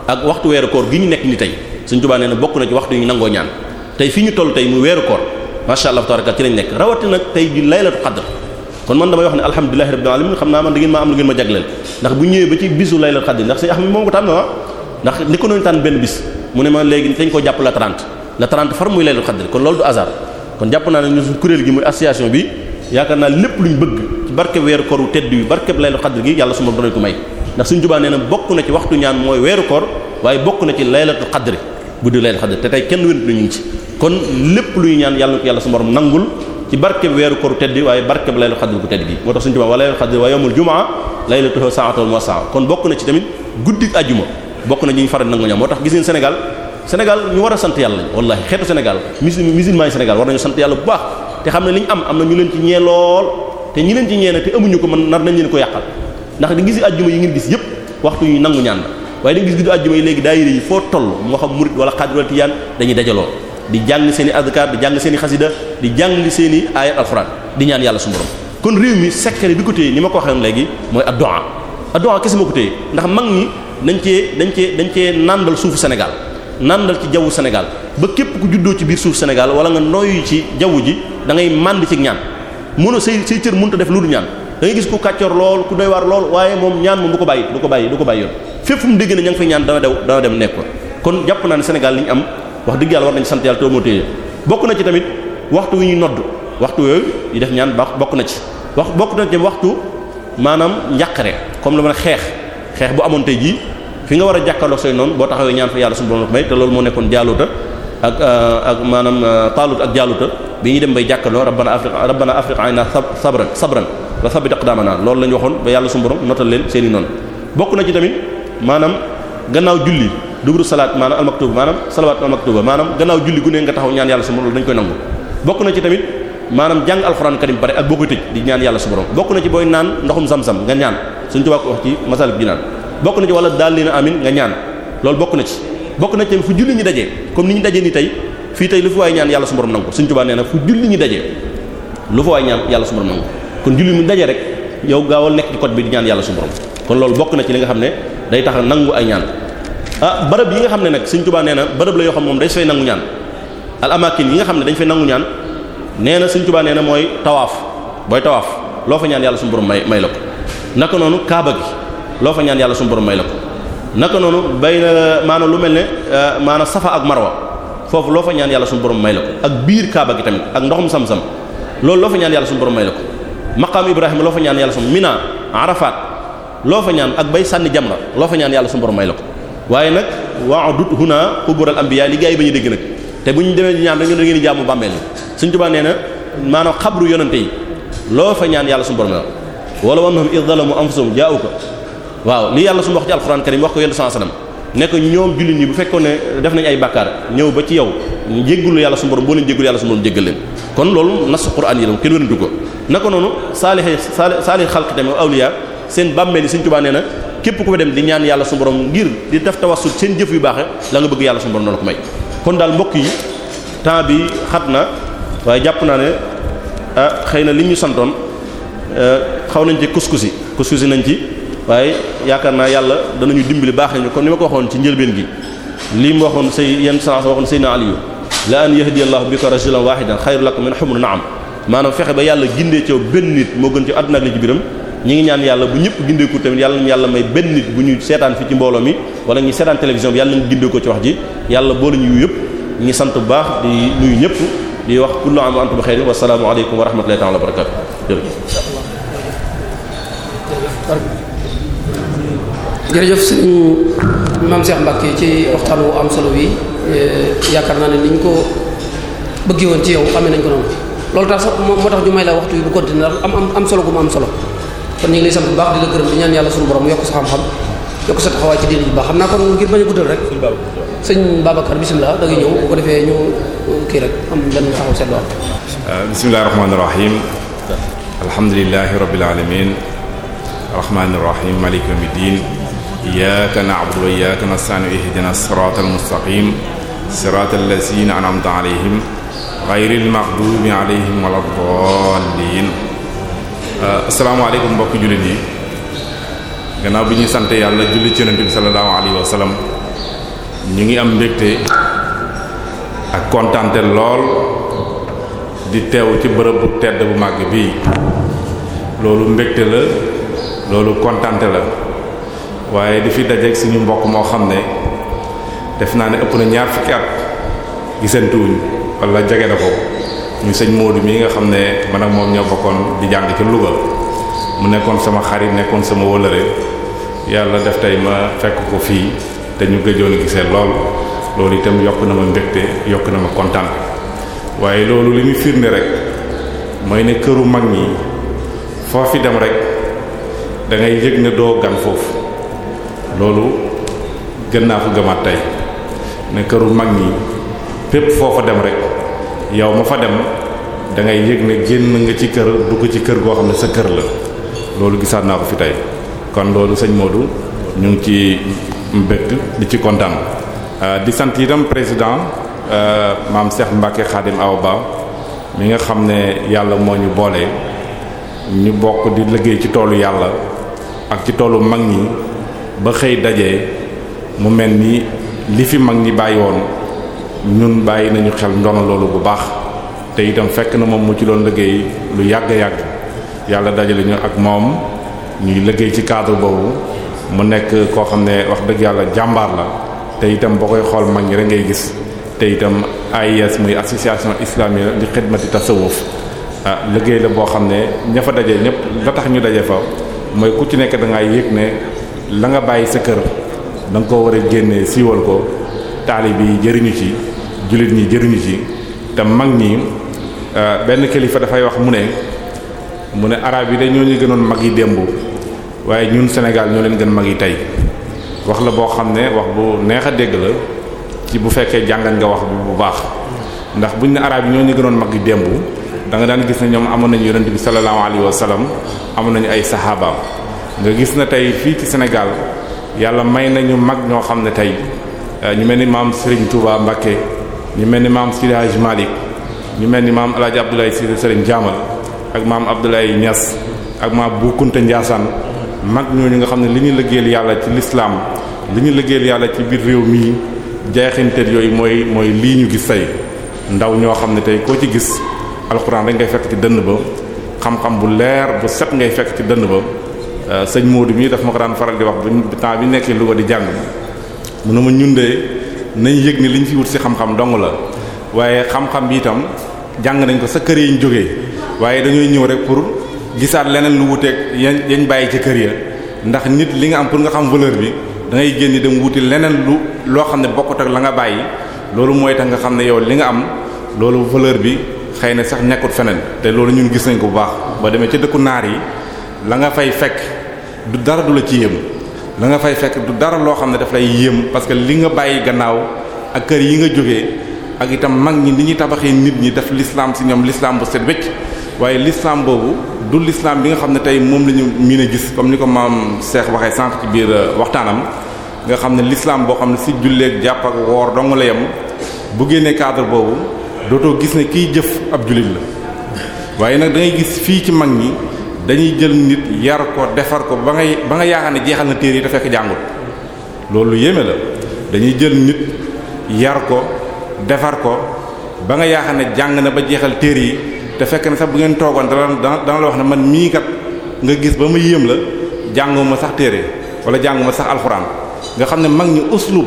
ak waxtu weeru koor gi ñu nekk ni tey suñ tubaa nee na bokk na ci waxtu yi ñu nangoo ñaan tey fii ñu toll tey mu weeru koor masha Allah tabaraka ci lañ nekk rawati nag tey di laylatu qadr kon man damay wax ne alhamdulillahi rabbil alamin xam naa man da ngeen maa ndax bu ñëwee ba ci bisu laylatu ko na wa ndax ni ko bis mu ne ma léegi dañ ko jàpp la 30 la 30 far muy laylatul xadr kon loolu du hasard kon jàpp naa ne suñ kuréel gi muy association bi yaakaar naa lépp luñ bëgg ci barke weeru koru tedd bi barkeb laylatul xadr gi yàlla suma donañ ko may ndax suñ jubaa nee na bokk na ci waxtu ñaan mooy weeru koor waaye bokk na ci laylatul xadr guddi laylatul xadr te tey kenn wéntu ñu ngi ci kon lépp luy ñaan yàlla ko su borom nangul ci barkeb weeru koru tedd waaye barkeb laylatul xadr gu tedd gi moo tax suñu jubaa wa laylatul xadr wa yawmul jumaa laylatuhu sa'atun wa sa'a kon na ci tamit guddi ajjuma bokk na ñuy faral nangu ñoom moo tax gis ngeen Sénégal Sénégal ñu war a sant yàlla lañ wallahi xeetu Sénégal musulman yi war nañu sant yàlla bu baax te xam ne li ñu am am na ñu leen ci ñee lool te ñi leen ci ñee te amuñu ko man nar nañ leen ko yàqal ndax di gis ajjuma yi ngeen gis yépp waxtu yu nangu ñaan waaye dañu gis guddi ajjuma yi léegi daayira yi foo toll moo xam murid wala xaadir wala tiyaan di jàng seen i azkar di jàng seen i xasida di jàng di ñaan yàlla su borom kon réew mi secret bi ko téye ni ma ko waxee léegi mooy addu'a addu'a kese dañ cee dañ cee dañ cee nàndal suufu Sénégal nàndal ci jawwu Sénégal ba képp ku juddoo ci biir suuf Sénégal wala nga nooyu ci jaww ji da ngay ci ñaan mënoo say say cër mun a def lu dul ñaan da ngay gis ku kàccoor lool ku doy waar lool waaye moom ñaan moom du ko bàyyi du ko bàyyi du ko bàyyi yoon fépp fu dégg ne ña ngi fay ñaan dana dew dana dem nekk kon jàpp naa ne Sénégal li am wax dëgg yàlla war nañ sant yàlla too moo téye bokk na ci tamit waxtu wi ñuy nodd waxtu yooyu yi def ñaan baax bokk na ci wax bokk na ci waxtu maanaam njàqare comme lu ma xeex xeex bu amoon tey jii fi nga war a jàkkaarloog say noonu boo taxawee ñaan fa yàlla suñu borom may te loolu moo nekkoon jaaluta ak euh, ak maanaam euh, taalut ak jaaluta bi ñuy dem bay jàkkaarloo rabbana afriq rabbana afriq ayna sabran sabran wa thabbit aqdamana loolu la waxoon ba yàlla suñu borom notal leen seen i noonu bokk na ci tamit maanaam gannaaw julli dubru salaat maanaam almaktuba maanaam salawaat almaktuba maanaam gannaaw julli gu nga taxaw ñaan yàlla suñu borom dañ bokk na ci tamit maanaam jàng alxuraan karim bare ak suñ tubaab ko wax ci masalik jinaan bokk na ci wala daal leen amin nga ñaan loolu bokk na ci bokk na ci fu julli ñi daje comme ni ñu dajee ni tey fii tey lu fi waay ñaan yàlla su borom nangu suñ tubaab nee na fu julli ñi dajee lu fa waay ñaan yàlla su borom nangu kon julli mu daje rek yow gaawal nekk ci code bi di ñaan yàlla su borom kon loolu bokk na ci li nga xam ne day tax nangu ay ñaan ah yi nga xam ne nag suñ tubaab nee na barab la yoo xam moom dañ fay nangu ñaan al amakin yi nga xam ne dañ fay nangu ñaan nee na suñ tubaab na mooy tawaaf booy tawaaf loo ñaan yàlla suñu borom may may la ko naka noonu kaaba gi loo fa ñaan yàlla suñu borom may la ko naka noonu bay na lu mel ne euh, maanaam safa ak marwa foofu loo fa ñaan yàlla suñu borom may la ko ak biir kaaba gi tamit ak ndoxum sam-sam loolu loo fa ñaan yàlla suñu borom may la ko maqaam ibrahima loo fa ñaan yàlla suñu mina arafat loo fa ak bay sànni jamra loo fa ñaan yàlla suñu borom may la ko waaye nag wa'dud huna qubural anbiya li gaa yi ba ñu dégg nag te bu ñu demee ñaan dañu da ngeen di jaamu bàmmeel ni suñ tubaa nee na maanaam xabru yonante yi loo fa ñaan yàlla suñu borom la wala annahum idh zalamu anfusahum jaa'uka waaw li yàlla su wax ci alxuraan karim wax ko yonent sallallahu alayhi wasallam ne ko ñoom jullit ñi bu fekkoon ne def nañ ay bàkkaar ñëw ba ci yow jéggulu yàlla su borom boo leen jéggul yàlla su borom jéggal leen kon loolu nas quraan yi la kenn wérantu ko naka noonu saalixi saalix xalqi tamit awliya seen bàmmeel yi Sëriñ Tuubaa nee na képp ku dem di ñaan yàlla su borom ngir di def tawassul seen jëf yu baax la nga bëgg yàlla su borom noonu ko may kon daal mbokk yi bi xat na waaye jàpp naa ne ah, xëy na li ñu euh, xaw nañ ci kuskusi kuskusi nañ ci waaye yaakaar naa yàlla dana danañu dimbali baax nañu comme ni ma ko waxoon ci njëlbeen gi lii mu waxoon say yenn sens waxoon Seydina Aliou la an yahdiyallahu bika rajulan wahidan xayrun laka min na na'am maanaam fexe ba yàlla gindee ci benn nit moo gën ci àdduna ak li ci biram ñi ngi ñaan yàlla bu ñëpp gindeeku tamit yàlla nañu yàlla may benn nit bu ñu seetaan fii ci mbooloo mi wala ñu seetaan télévision bi yàlla na gindee ko ci wax ji yàlla boole ñu yëpp ñu sant bu baax di ñëpp di wax kullu am wa antum bi xeyr wa salaamu aleykum wa rahmatullahi ta'ala wa jërëjëf sëriñ maam Cheikh Mbacke ci waxtaan wu am solo wi eh, yaakaar naa ne ni ñu ko bëggee woon ci yow amee nañ ko noonu loolu tax sax moo tax ñu may la waxtu yi bu continuer am am am solo gu mu am solo kon ñu ngi lay sant bu baax di la gërëm di ñaan yàlla suñu borom yokk sa xam-xam yokk sa taxawaay ci diine ji baax xam naa kon ngir bañ a guddal rek sëñ Babacar bisimilah da ngay ñëw bu ko defee ñu kii rek am benn taxaw seetlu am ah, bisimilah rahmaani rahim alhamdulilahi rahmaani rahiim maaliki yawmi diin iyyaaka na'budu wa iyyaaka nasta'iin ihdinas siraatal mustaqiim siraatal laziina an'amta alayhim ghayril maghduubi alayhim walad daalliin uh, asalaamaaleykum mbokki jullit yi gannaaw bi ñuy sant yàlla julli ci yonent bi sallallahu alayhi wa sallam ñu ngi am mbégte ak kontante lool di teew ci bërëb bu tedd bu màgg bii loolu mbégte la. loolu kontante la waaye di fi dajeeg suñu mbokk moo xam ne def naa ne ëpp na ñaar fukki at gisantuwuñ wala jege na ko ñu sëñ Modou mii nga xam ne man ak moom ñoo bokkoon di jàng ci Louga mu nekkoon sama xarit nekkoon sama wëlëre yàlla def tey ma fekk ko fii te ñu gëjoon gisee lool loolu itam yokk na ma mbégte yokk na ma kontaan waaye loolu li ñu firnde rek mooy ne këru mag ñi foo dem rek. da ngay yëg ne doo gan foofu loolu gën naa ko gëmaat tey ne këru mag ñi pépp foofa dem rek yow ma fa dem dangay ngay yëg ne génn nga ci kër dugg ci kër goo xam ne sa kër la loolu gisaat naa ko fi tey kon loolu sañ moodu ñu ngi ci mbëgg li ci kontaan euh, di sant itam président euh, maam Cheikh Mbacke Khadim aw Ba mi nga xam ne yàlla moo ñu boole ñu bokk di liggéey ci toolu yàlla ak ci toolu mag ñi ba xëy dajee mu mel ni li fi mag ñi bàyyi woon ñun bàyyi nañu xel ndono loolu bu baax te itam fekk na moom mu ci doon liggéey lu yàgg yàgg yàlla dajale ñu ak moom ñuy liggéey ci cadre boobu mu nekk koo xam ne wax dëgg yàlla jàmbaar la te itam boo koy xool mag ñi rek ngay gis te itam AIS muy association islamique di xidmati tasawuf ah liggéey la boo xam ne ña fa daje ñëpp la tax ñu daje fa mooy ku ci nekk da ngaa yëg ne la nga bàyyi sa kër da nga ko war a génnee siiwal ko taalib yi jëriñu ci jullit ñi jëriñu ci te mag ñi euh, benn kilifa dafay wax mu ne mu ne arab yi de ñoo ñu gënoon mag yi démb waaye ñun Sénégal ñoo leen gën mag yi tey wax la boo xam ne wax bu neex a dégg la ci bu fekkee jàngat nga wax bu baax ndax buñ ne arab yi ñoo ñu gënoon mag yi démb danga daan gis ne ñoom amoon nañu yonent bi sallallahu alayhi wa amoon nañu ay sahabaam nga gis na tey fii ci Sénégal yàlla may nañu mag ñoo xam ne tey euh, ñu mel ni maam Serigne Touba Mbacké ñu mel ni maam Sidi Hadj ñu mel ni maam El Hadj Abdoulaye Sidi Serigne Diamal ak maam Abdoulaye Niass ak maam Bou Kounta mag ñooñu nga xam ne li ñu liggéeyal yàlla ci lislaam li ñu liggéeyal yàlla ci biir réew mii jeexinteet yooyu mooy mooy lii ñu gis tey ndaw ñoo xam ne tey koo ci gis. alxuraan rek ngay fekk ci dënn ba xam-xam bu leer bu set ngay fekk ci dënn ba euh, sëñ Modou mii daf ma ko daan faral di wax bu temps bi nekkee ko di jàng mu ne ma ñun de nañ yëg ni liñ fi wut ci xam-xam dong la waaye xam-xam bi itam jàng nañ ko sa kër yi ñu jógee waaye dañuy ñëw rek pour gisaat leneen lu wuteeg yañ yañ bàyyi ci kër ya ndax nit li nga am pour nga xam valeur bi da ngay génn dem wuti leneen lu loo xam ne bokkut ak la nga bàyyi loolu mooy tax xam ne yow li nga am loolu valeur bi xëy na sax nekkut feneen te loolu ñun gis nañ ko bu baax ba demee ca dëkku naar yi la nga fay fekk du dara du la ci yéem la nga fay fekk du dara loo xam ne daf lay yéem parce que li nga bàyyi gannaaw ak kër yi nga jógee ak itam mag ñi ni ñuy tabaxee nit ñi def l'islam ci ñoom lislaam bu set wecc waaye l'islam boobu du l'islam bi nga xam ne tey moom la ñu miin a gis comme ni ko maam Cheikh waxee sànq ci biir euh, waxtaanam nga xam ne lislaam boo xam ne ci julleek jàpp ak woor dong la yem bu génnee cadre boobu dootoo gis ne kiy jëf ab jullit la waaye nag da gis fii ci mag ñi dañuy jël nit yar ko defar ko ba ngay ba nga yaakaar ne jeexal na téere yi te fekk loolu yéeme la dañuy jël nit yar ko defar ko ba nga yaakaar ne jàng na ba jeexal téere yi te fekk ne sax bu ngeen toogoon dana dana la wax ne man mii kat nga gis ba ma yéem la jànguma sax téere wala jànguma sax alxuraan nga xam ne mag ñi uslub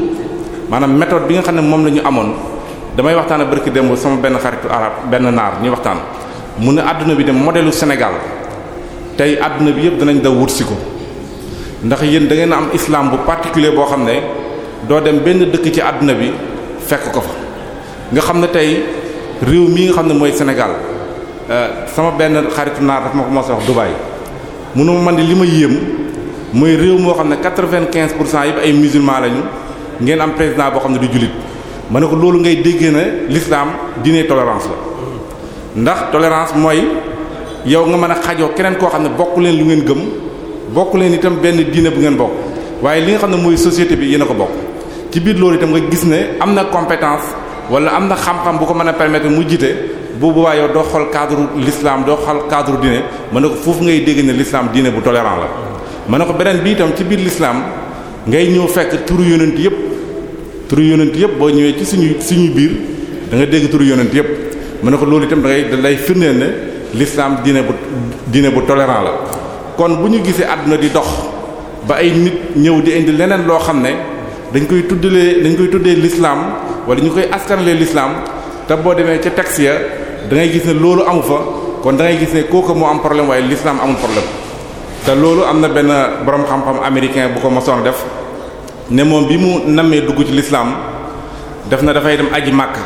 maanaam méthode bi nga xam ne moom lañu amoon damay waxtaan ak barki démb sama benn xaritu arab benn naar ñuy waxtaan mu ne àdduna bi dem modèle Sénégal tey àdduna bi yëpp danañ daw wut si ko ndax yéen da ngeen am islam bu particulier boo xam ne doo dem benn dëkk ci àdduna bi fekk ko fa nga xam ne tey réew mii nga xam ne mooy Sénégal euh, sama benn xaritu naar dafa ma ko mos a wax Dubaï munu ma man di li ma yéem mooy réew moo xam ne quatre-vingt-quinze pour cent yëpp ay musulmans lañu ngeen am président boo xam ne du jullit ma ne ko loolu ngay déggee na l'islam diine tolérance la ndax tolérance mooy yow nga mën a xajoo keneen koo xam ne bokk leen lu ngeen gëm bokk leen itam benn diine bu ngeen bokk waaye li nga xam ne mooy société bi yéen ko bokk ci biir loolu itam nga gis ne am na compétence wala am na xam-xam bu ko mën a permettre mu jite bu boobaa yow doo xol cadre lislaam doo xool cadre diine ma ne ko foofu ngay dégg ne l'islam diine bu tolérant la ma ne ko beneen bi itam ci biir l'islam ngay ñëw fekk turu yonent yépp turu yonent yëpp boo ñëwee ci suñu suñu biir da nga dégg turu yonent yëpp mu ne ko loolu itam dangay ngay da lay firndeel ne l'islam diine bu diine bu tolérant la kon bu ñu gisee àdduna di dox ba ay nit ñëw di indi leneen loo xam ne dañ koy tuddalee dañ koy tuddee lislaam wala ñu koy askanlee l'islam te boo demee ca texte ya da gis ne loolu amu fa kon da gis ne kooku moo am problème waaye l'islam amul problème te loolu am na benn borom xam-xam bu ko mosoon def ne moom bi mu nammee dugg ci lislaam def na dafay dem aji màkk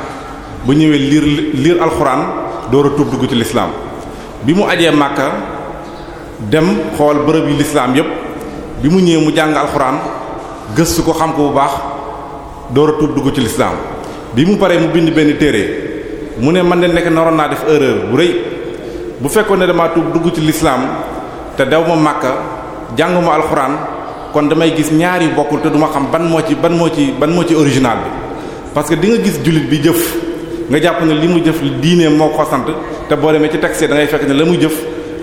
bu ñëwee liir liir alxuraan door a dugg ci lislaam bi mu ajee màkka dem xool bërëb yi lislaam yépp bi mu ñëwee mu jàng alxuraan gëstu ko xam ko bu baax door a dugg ci lislaam bi mu paree mu bind benn téere mu ne man de nekk naroon naa def erreur bu rëy bu fekkoon ne dama tuub dugg ci lislaam te daw ma màkka jànguma alxuraan kon damay gis ñaari yu bokkul te duma xam ban moo ci ban moo ci ban moo ci original bi parce que di nga gis jullit bi jëf nga jàpp ne li mu jëf diine moo ko sant te boo demee ci texte da ngay fekk ne la mu jëf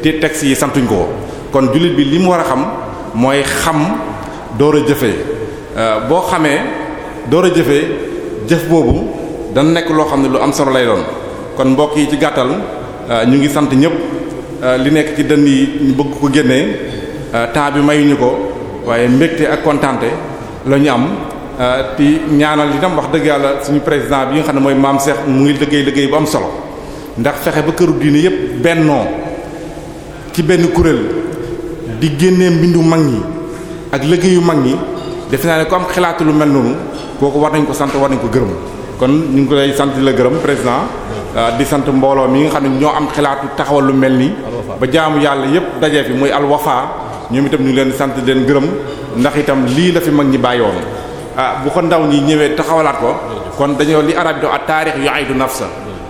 te texte yi santuñu ko kon jullit bi li mu war a xam mooy xam door a jëfee euh, boo xamee door a jëfe jëf boobu dana nekk loo xam ne lu am solo lay doon kon mbokk yi ci gàttal euh, ñu ngi sant ñëpp euh, li nekk ci dënn yi ñu bëgg ko génnee temps bi mayuñu ko. waaye mbégte ak kontaante la ñu am ti euh, ñaanal itam wax dëgg yàlla suñu président bi nga xam ne mooy maam Cheikh mu ngi liggéey liggéey bu am solo ndax fexe ba këru diine yépp bennoo ci benn kuréel di génnee mbindu mag ñi ak liggéeyu mag ñi defe naa ne ko am xalaatu lu mel noonu kooku war nañ ko sant war nañ ko gërëm kon ñu ngi ko lay sant di la gërëm président euh, di sant mbooloo mi nga xam ne ñoo am xalaatu taxawal lu mel nii ba jaamu yàlla yépp dajee fi muy ñoom itam ñu leen sant leen gërëm ndax itam lii la fi mag ñi bàyyoon ah bu ko ndaw ñi ñëwee taxawalaat ko kon dañoo li arab yi dox ak taarix yu aydu nafsa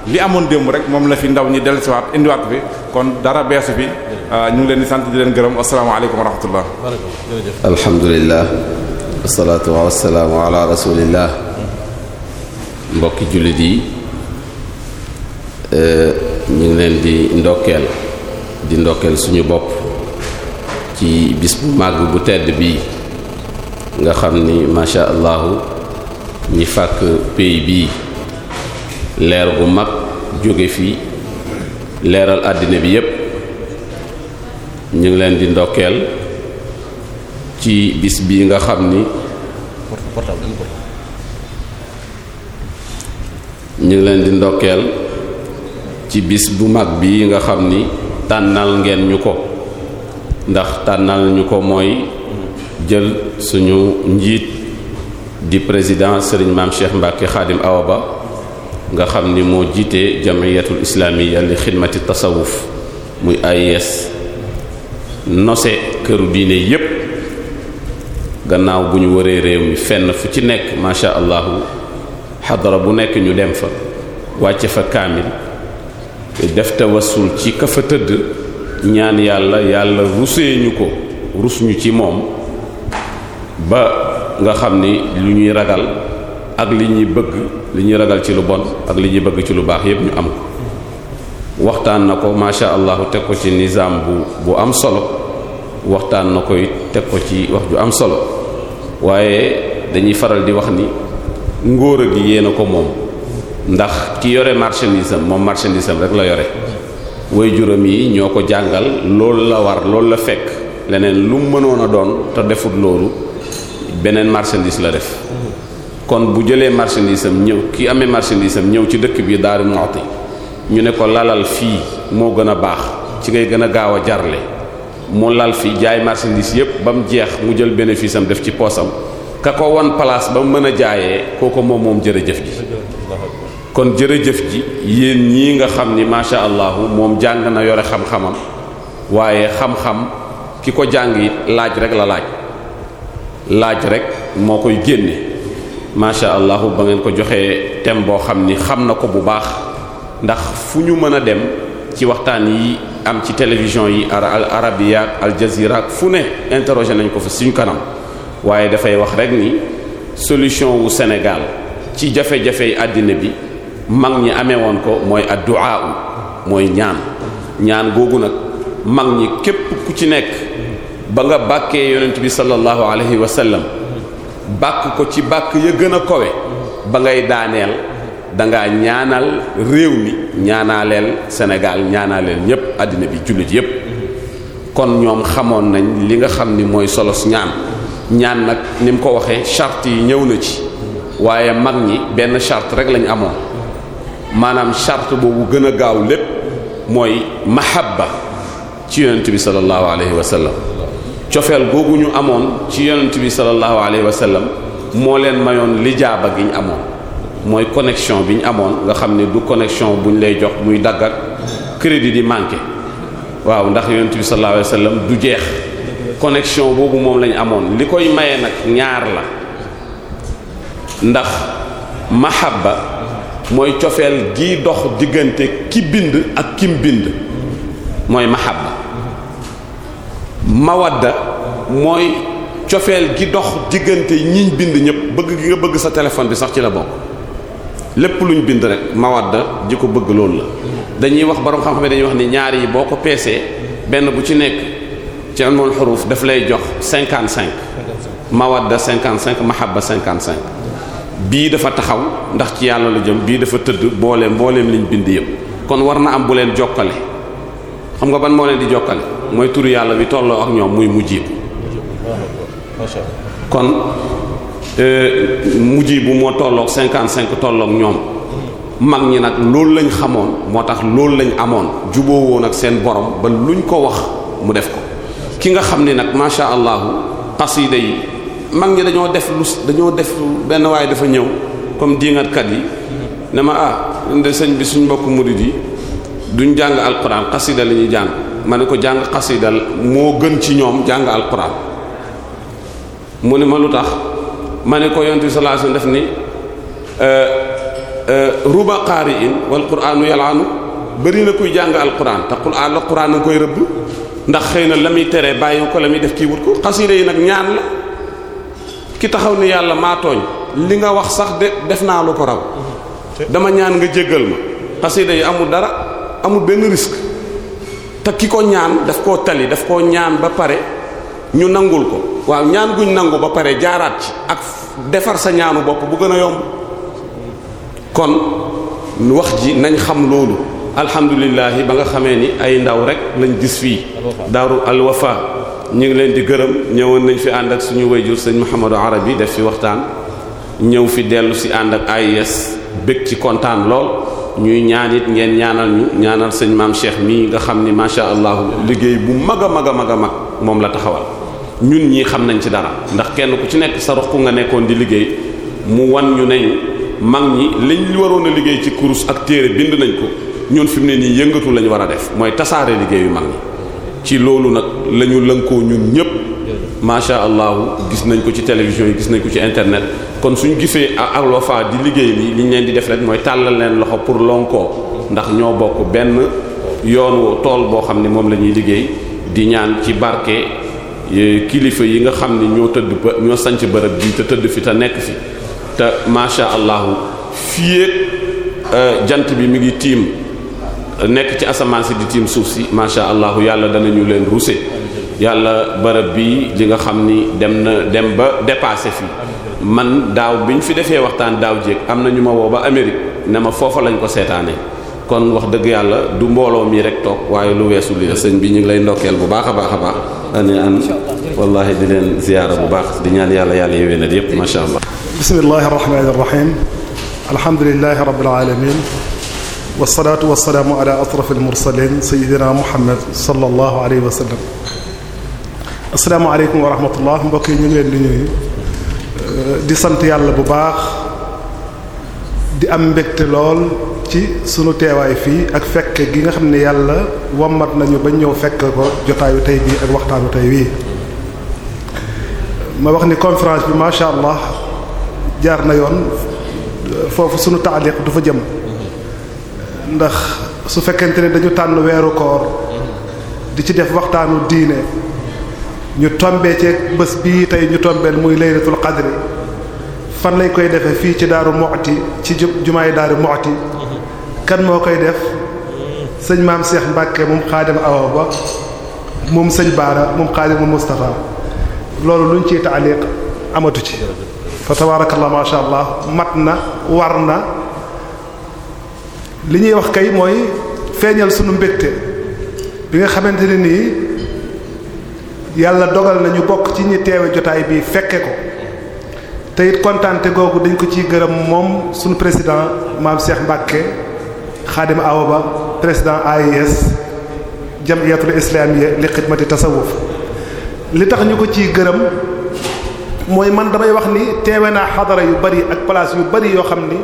li amoon démb rek moom la fi ndaw ñi dellusiwaat indiwaat bi kon dara beesu bi ah, ñu ngi leen di sant di leen gërëm asalaamaaleykum wa rahmatullah alhamdulilah wasalaatu wasalaamu ala rasulillah mbokki jullit yi eh, ñu ngi leen di ndokkeel di ndokkeel suñu bopp ci bis bu màgg bu tedd bii nga xam ni macha allahu ñi fàkk pays bii leer gu mag jóge fi leeral àddina bi yépp ñu ngi leen di ndokkeel ci bis bi nga xam ni ñu ngi leen di ndokkeel ci bis bu mag bii nga xam ni tànnal ngeen ñu ko ndax tànnal ñu ko mooy jël suñu njiit di président Serigne Maam Cheikh Mbacke Khadim Awa Ba nga xam ni moo jiite jamiyatul islamiya li xidmati tasawuf muy ay AIS nose këru diine yépp gannaaw bu ñu waree réew mi fenn fu ci nekk macha allahu xadara bu nekk ñu dem fa wàcce fa kaamil def tawassul ci ka tëdd ñaan yàlla yàlla rusee ñu ko rus ñu ci moom ba nga xam ni lu ñuy ragal ak li ñuy bëgg li ñuy ragal ci lu bon ak li ñuy bëgg ci lu baax yépp ñu am ko waxtaan na ko masha allahu teg ko ci nizaam bu bu am solo waxtaan na koy teg ko ci wax ju am solo waaye dañuy faral di wax ni ngóor a gi yéen na ko moom ndax ki yore marchandise am moom marchandise am rek la yore woy juróom yi ñoo ko jàngal loolu la war loolu la fekk leneen lu mënoon a doon te deful loolu beneen marchandise la def kon bu jëlee marchandise ñëw ki amee marchandise am ñëw ci dëkk bi Daaru Muxti ñu ne ko lalal fii moo gën a baax ci ngay gën a gaaw a jarle mu lal fii jaay marchandise yépp ba mu jeex mu jël bénéfice am def ci poosam ka ko won place ba mu mën a jaayee kooku moom moom jërëjëf ji kon jërëjëf ji yéen ñii nga xam ni macha allah moom jàng na yore xam-xamam waaye xam-xam ki ko jàng laaj rek la laaj laaj rek moo koy génne macha allah ba ngeen ko joxee thème boo xam ni xam na ko bu baax ndax fu ñu mën a dem ci waxtaan yi am ci télévision yi al arabiya ak al jazeera ak fu ne interrogé nañ ko fi suñu kanam waaye dafay wax rek ni solution wu Sénégal ci jafe-jafe àddina bi. mag ñi amee woon ko mooy addu'a mooy ñaan ñaan googu nag mag ñi képp ku ci nekk ba nga bàkkee yonent bi sallallahu alayhi wa sallam bàkk ko ci bàkk ya gën a kowe ba ngay daaneel dangaa ñaanal réew mi ñaanaaleel Sénégal ñaanaaleel ñépp àddina bi jullit yépp kon ñoom xamoon nañ li nga xam ni mooy solos ñaan ñaan nag ni mu ko waxee charte yi ñëw na ci waaye mag ñi benn charte rek lañu amoon maanaam charte boobu gën a gaaw lépp mooy mahabba ci yonent bi sallallahu alayhi wa sallam cofeel boobu ñu amoon ci yonent bi sallallahu alayhi wa sallam moo leen mayoon lijaaba gi ñu amoon mooy connexion bi ñu amoon nga xam ne du connexion bu ñu lay jox muy daggat crédit di manqué waaw ndax yonent bi sallallahu alayhi wa du jeex connexion boobu moom lañ amoon li koy maye nag ñaar la ndax mahabba mooy cofeel gi dox diggante ki bind ak kim bind mooy mahabba mawadda mooy cofeel gi dox diggante ñiñ bind ñépp bëgg gi nga bëgg sa téléphone bi sax ci la bokk lépp luñ bind rek mawadda ji ko bëgg loolu la dañuy wax borom xam-xam dañuy wax ni ñaar yi boo ko peesee benn bu ci nekk ci almul xuruf daf lay jox cinquante cinq mawadda cinquante cinq mahabba cinquante cinq bii dafa taxaw ndax ci yàlla la jëm bii dafa tëdd mbooleem mbooleem liñ bind yëpp kon war na am bu leen jokkale xam nga ban moo leen di jokkale mooy turu yàlla bi tolloo ak ñoom muy mujjibu kon euh, bu moo tolloog cinquante cinq tolloog ñoom mag ñi nag loolu lañ xamoon moo tax loolu lañ amoon juboo woon ak seen borom ba luñ ko wax mu def ko ki nga xam ni nag masha allahu xasida yi mag ñi dañoo def lu dañoo def benn waaye dafa ñëw comme diingatkat yi ne ma ah de sëñ bi suñ mbokk murid yi duñ jàng alquran xasida la ñuy jàng ma ne ko jàng xasida moo gën ci ñoom jàng alquran mu ne ma lu tax ma ne ko yonent def ni euh, euh, ruba in wal qur'anu yal'anu bëri na kuy jàng alquran te qur'an la qur'an a koy rëbb ndax xëy na la muy tere bàyyi ko la muy def kii wut ko xasida yi nag ñaan la ki taxaw ni yàlla maatooñ li nga wax sax de def naa lu ko raw dama ñaan nga jéggal ma xasida yi amul dara amul benn risque te ki ko ñaan daf koo tali daf koo ñaan ba pare ñu nangul ko waaw ñaan guñ nangu ba pare jaaraat ci ak defar sa ñaanu bopp bu gën a yomb kon wax ji nañ xam loolu alhamdulilah ba nga xamee ni ay ndaw rekk lañ gis fii daaru alwafa ñu ngi leen di gërëm ñëwoon nañ fi ànd ak suñu wayjur sëñ Mouhamadou Arabi def fi waxtaan ñëw fi dellu si ànd ak ay AIS bëgg ci kontaan lool ñuy ñaan it ngeen ñaanal ñu ñaanal sëñ maam Cheikh mii nga xam ni macha allah liggéey bu mag a mag a mag a mag moom la taxawal ñun ñii xam nañ ci dara ndax kenn ku ci nekk sa roxku nga nekkoon di liggéey mu wan ñu nañu mag ñi liñ waroon a liggéey ci kurus ak téere bind nañ ko ñun fi mu ne nii yëngatu lañ war a def mooy tasaare liggéeyu mag ci loolu nag la ñu lënkoo ñun ñépp macha allah gis nañ ko ci télévision yi gis nañ ko ci internet kon suñ gisee Al Wafa di liggéey li liñ leen di def rek mooy tàllal leen loxo pour lonkoo ndax ñoo bokk benn yoon tool boo xam ne moom lañuy liggéey di ñaan ci barke kilifa yi nga xam ne ñoo tëdd ba ñoo sanc bërëb bi te tëdd fi te nekk fi te macha allah fii euh, jant bi mu ngi tiim nekk ci asamaan si di tiim suuf si macha allah yàlla ñu leen ruuse yàlla barab bi li nga xam ni dem na dem ba dépassé fi man daaw bi ñu fi defee waxtaan daaw jéeg am na ñu ma woo ba Amérique ne ma foofa lañ ko seetaanee. kon wax dëgg yàlla du mbooloo mi rek toog waaye lu weesu li sëñ bi ñu lay ndokkeel bu baax a baax a baax ani an wallahi di leen ziyaara bu baax di ñaan yàlla yàlla yewee na yépp ma allah bismillahir rahmanir rahim alhamdulillahi wasalaatu wasalaamu ala asraf almursalin sayidina muhammad sallallahu alayhi wa sallam asalaamaaleykum wa rahmatullah mbokk yi ñu ngi leen di nuyu di sant yàlla bu baax di am mbégte lool ci sunu teewaay fii ak fekk gi nga xam ne yàlla wammat nañu ba ñëw fekk ko jotaayu tey bii ak waxtaanu tey wii ma wax ni conférence bi macha allah jaar na yoon foofu sunu taaliq du fa jëm ndax su fekkente ne dañu tànn weeru koor di ci def waxtaanu diine ñu tombee ci bés bii tey ñu tombeel muy laylatul qadri fan lañ koy defee fii ci daaru Muxti ci jumaay daaru Muxti kan moo koy def sëñ maam Cheikh Mbacke moom xaadim awa ba moom sëñ Baara moom xaadim Moustapha loolu luñ ciy taaliq amatu ci fa tabarakallah ma sha allah mat na war na li ñuy wax kay mooy feeñal sunu mbégte bi nga xamante ne nii yàlla dogal na ñu bokk ci ñu teewe jotaay bii fekke ko te it kontaante googu dañ ko ciy gërëm moom sunu président maam Cheikh Mbacke Khadim Awa Ba président AIS jamiyatul islamiyya li xidmati tasawuf li tax ñu ko ciy gërëm mooy man damay wax ni teewe naa xadara yu bari ak place yu bari yoo xam ni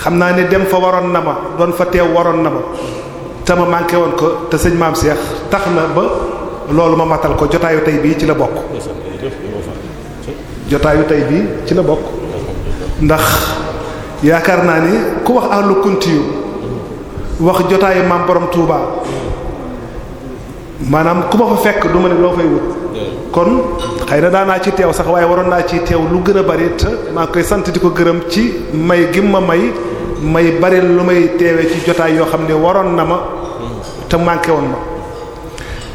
xam naa ne dem fa waroon na ma doon fa teew waroon na ma te ma manqué woon ko te sëñ maam Seex tax na ba loolu ma matal ko jotaayu tey bii ci la bokk jotaayu tey bii ci la bokk ndax yaakaar naa ni ku wax ahlu kunti wax jotaayu maam borom Touba maanaam ku ma fa fekk du ma ne loo fay wut kon xëy na daanaa ci teew sax waaye waroon naa ci teew lu gën a bari te maa koy sant di ko gërëm ci may gi ma may may bari lu may teewe ci jotaay yoo xam ne waroon na ma te manqué woon ma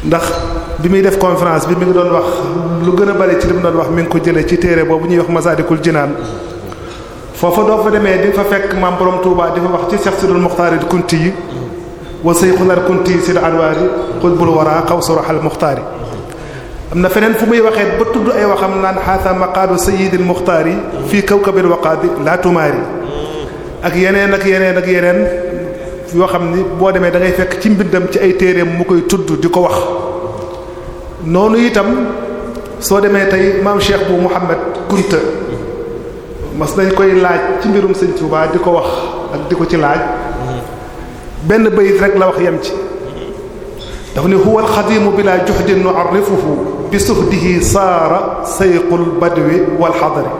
ndax bi muy def conférence bi mi ngi doon wax lu gën a bari ci li mu doon wax mi ngi ko jëlee ci téere boobu ñuy wax kul Jinaan foofa doo fa demee di fa fekk maam borom Touba di fa wax ci Cheikh Sidul Muxtaari Kunti yi wa Seyxunal Kunti yi Sidul Anwaari xutbul waraa xawsu raxal Muxtaari am na feneen fu muy waxee ba tudd ay waxam naan xaata maqaadu Sayyidil Muxtaari fii kawkabil waqaadi laa tumaari ak yeneen ak yeneen ak yeneen yoo xam ni boo demee da ngay fekk ci mbindam ci ay téereem mu koy tudd di ko wax noonu itam soo demee tey maam Cheikh bu Mouhamed Kunta mas nañ koy laaj ci mbirum sëñ Touba di ko wax ak di ko ci laaj benn bayit rek la wax yem ci dafa ni huwa alxadimu bila juhdin nu'arrifuhu bi suhdihi saara sayqul badwi wal hadri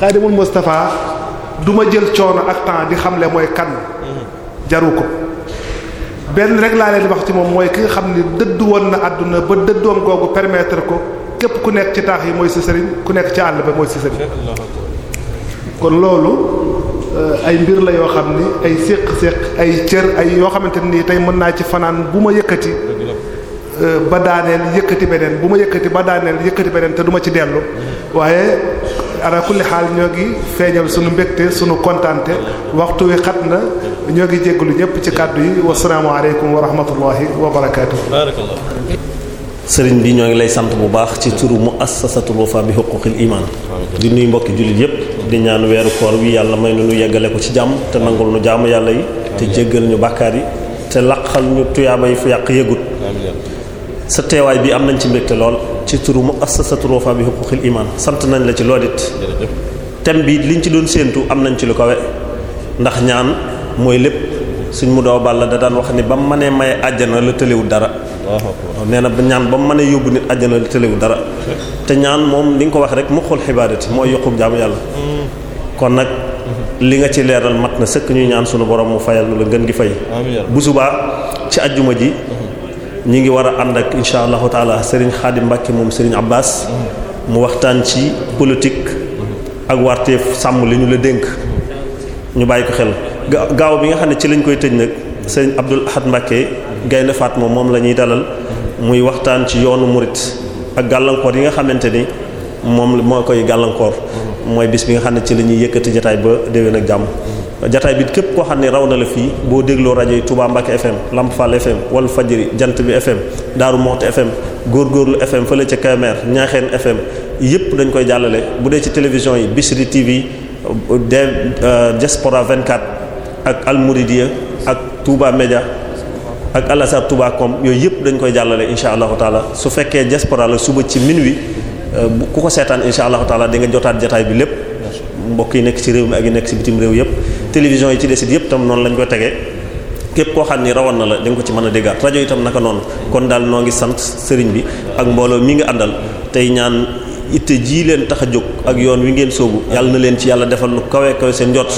xaadimul Mustafa du ma jël coono ak temps di xamle mooy kan jaru ko benn rek laa leen wax ci moom mooy ki nga xam ni dëddu woon na àdduna ba dëddoom googu permettre ko képp ku nekk ci taax yi mooy si sëriñ ku nekk ci àll ba mooy si sëriñ kon loolu euh, ay mbir la yoo xam ni ay séq-séq ay cër ay yoo xamante nii tey mën naa ci fanaan bu ma yëkkati euh, ba daaneel yëkkati beneen bu ma yëkkati ba daaneel yëkkati beneen te duma ci dellu mm-hmm. waaye ala kulli xaal ñoo ngi feeñal sunu mbégte sunu kontaante waxtu wi xat na ñoo ngi jéggalu ñëpp ci kàddu yi wasalaamu aleykum wa rahmatullahi wa barakaatu. sëriñ bi ñoo ngi lay sant bu baax ci turu muassasatul wafa bi huquqil iman di nuy mbokki jullit yépp di ñaan weeru koor wi yàlla may nu nu yeggale ko ci jàmm te nangul nu jaamu yàlla yi te jéggal ñu bàkkaar yi te laqal ñu tuyaaba yàq yëgut sa teewaay bi am nañ ci mbégte lool ci turu mu assasatu Wafa bi huquqil iman sant nañ la ci lool it thème bi liñ ci doon séentu am nañ ci lu kawe ndax ñaan mooy lépp suñ mu doo la da daan wax ni ba mu mënee maye àjjana la tëlewul dara nee na ñaan ba mu mënee yóbbu nit àjjana la tëlewul dara te ñaan moom li nga ko wax rek mu xul xibaadati mooy yokkub jaamu yàlla mm. kon nag li nga ci leeral mat na sëkk ñu ñaan sunu borom mu fayal lu la gën gi fay bu subaa ci ajjuma ji mm. ñi ngi war a ànd ak insha allahu taala Serigne Khadim Mbacke moom Serigne Abbas mu waxtaan ci politique ak warteef sàmm li ñu la dénk ñu bàyyi ko xel gaaw bi nga xam ne ci lañ koy tëj nag Serigne Abdul Ahad Mbacke Gaynde Fatma moom la ñuy dalal muy waxtaan ci yoonu murit ak gàllankoor yi nga xamante ni moom moo koy gàllankoor mooy bis bi nga xam ne ci la ñuy yëkkati jotaay ba déwén ak jàmm jataay bi képp koo xam ne raw na la fii boo dégloo rajo yi Touba Mbacke FM Lamp Fall FM Walf Fadjri Jant bi FM Daaru Muxti FM góor Góorgóorlu FM fële ci Kébémer Ñaaxeen FM yëpp dañ koy jàllale bu dee ci télévision yi Bisri TV de euh, Diaspora 24 ak Al Mouridiya ak Touba Média ak Al Azhar Touba yooyu yëpp dañ koy jàllale insha allahu taala su fekkee Diaspora la suba ci minuit euh, ku ko seetaan insha allahu taala di nga jotaat jataay bi lépp mbokk yi nekk ci réew mi ak yi nekk ci bitim réew yëpp télévision yi ci des it yëpp tam noonu lañ ko tegee képp koo xam ni rawoon na la di ko ci mën a déggaat rajo itam naka noonu kon daal noo ngi sant sëriñ bi ak mbooloo mi nga àndal tey ñaan it itte jii leen tax a jóg ak yoon wi ngeen soobu yàlla na leen ci yàlla defal lu kawee kawe seen jot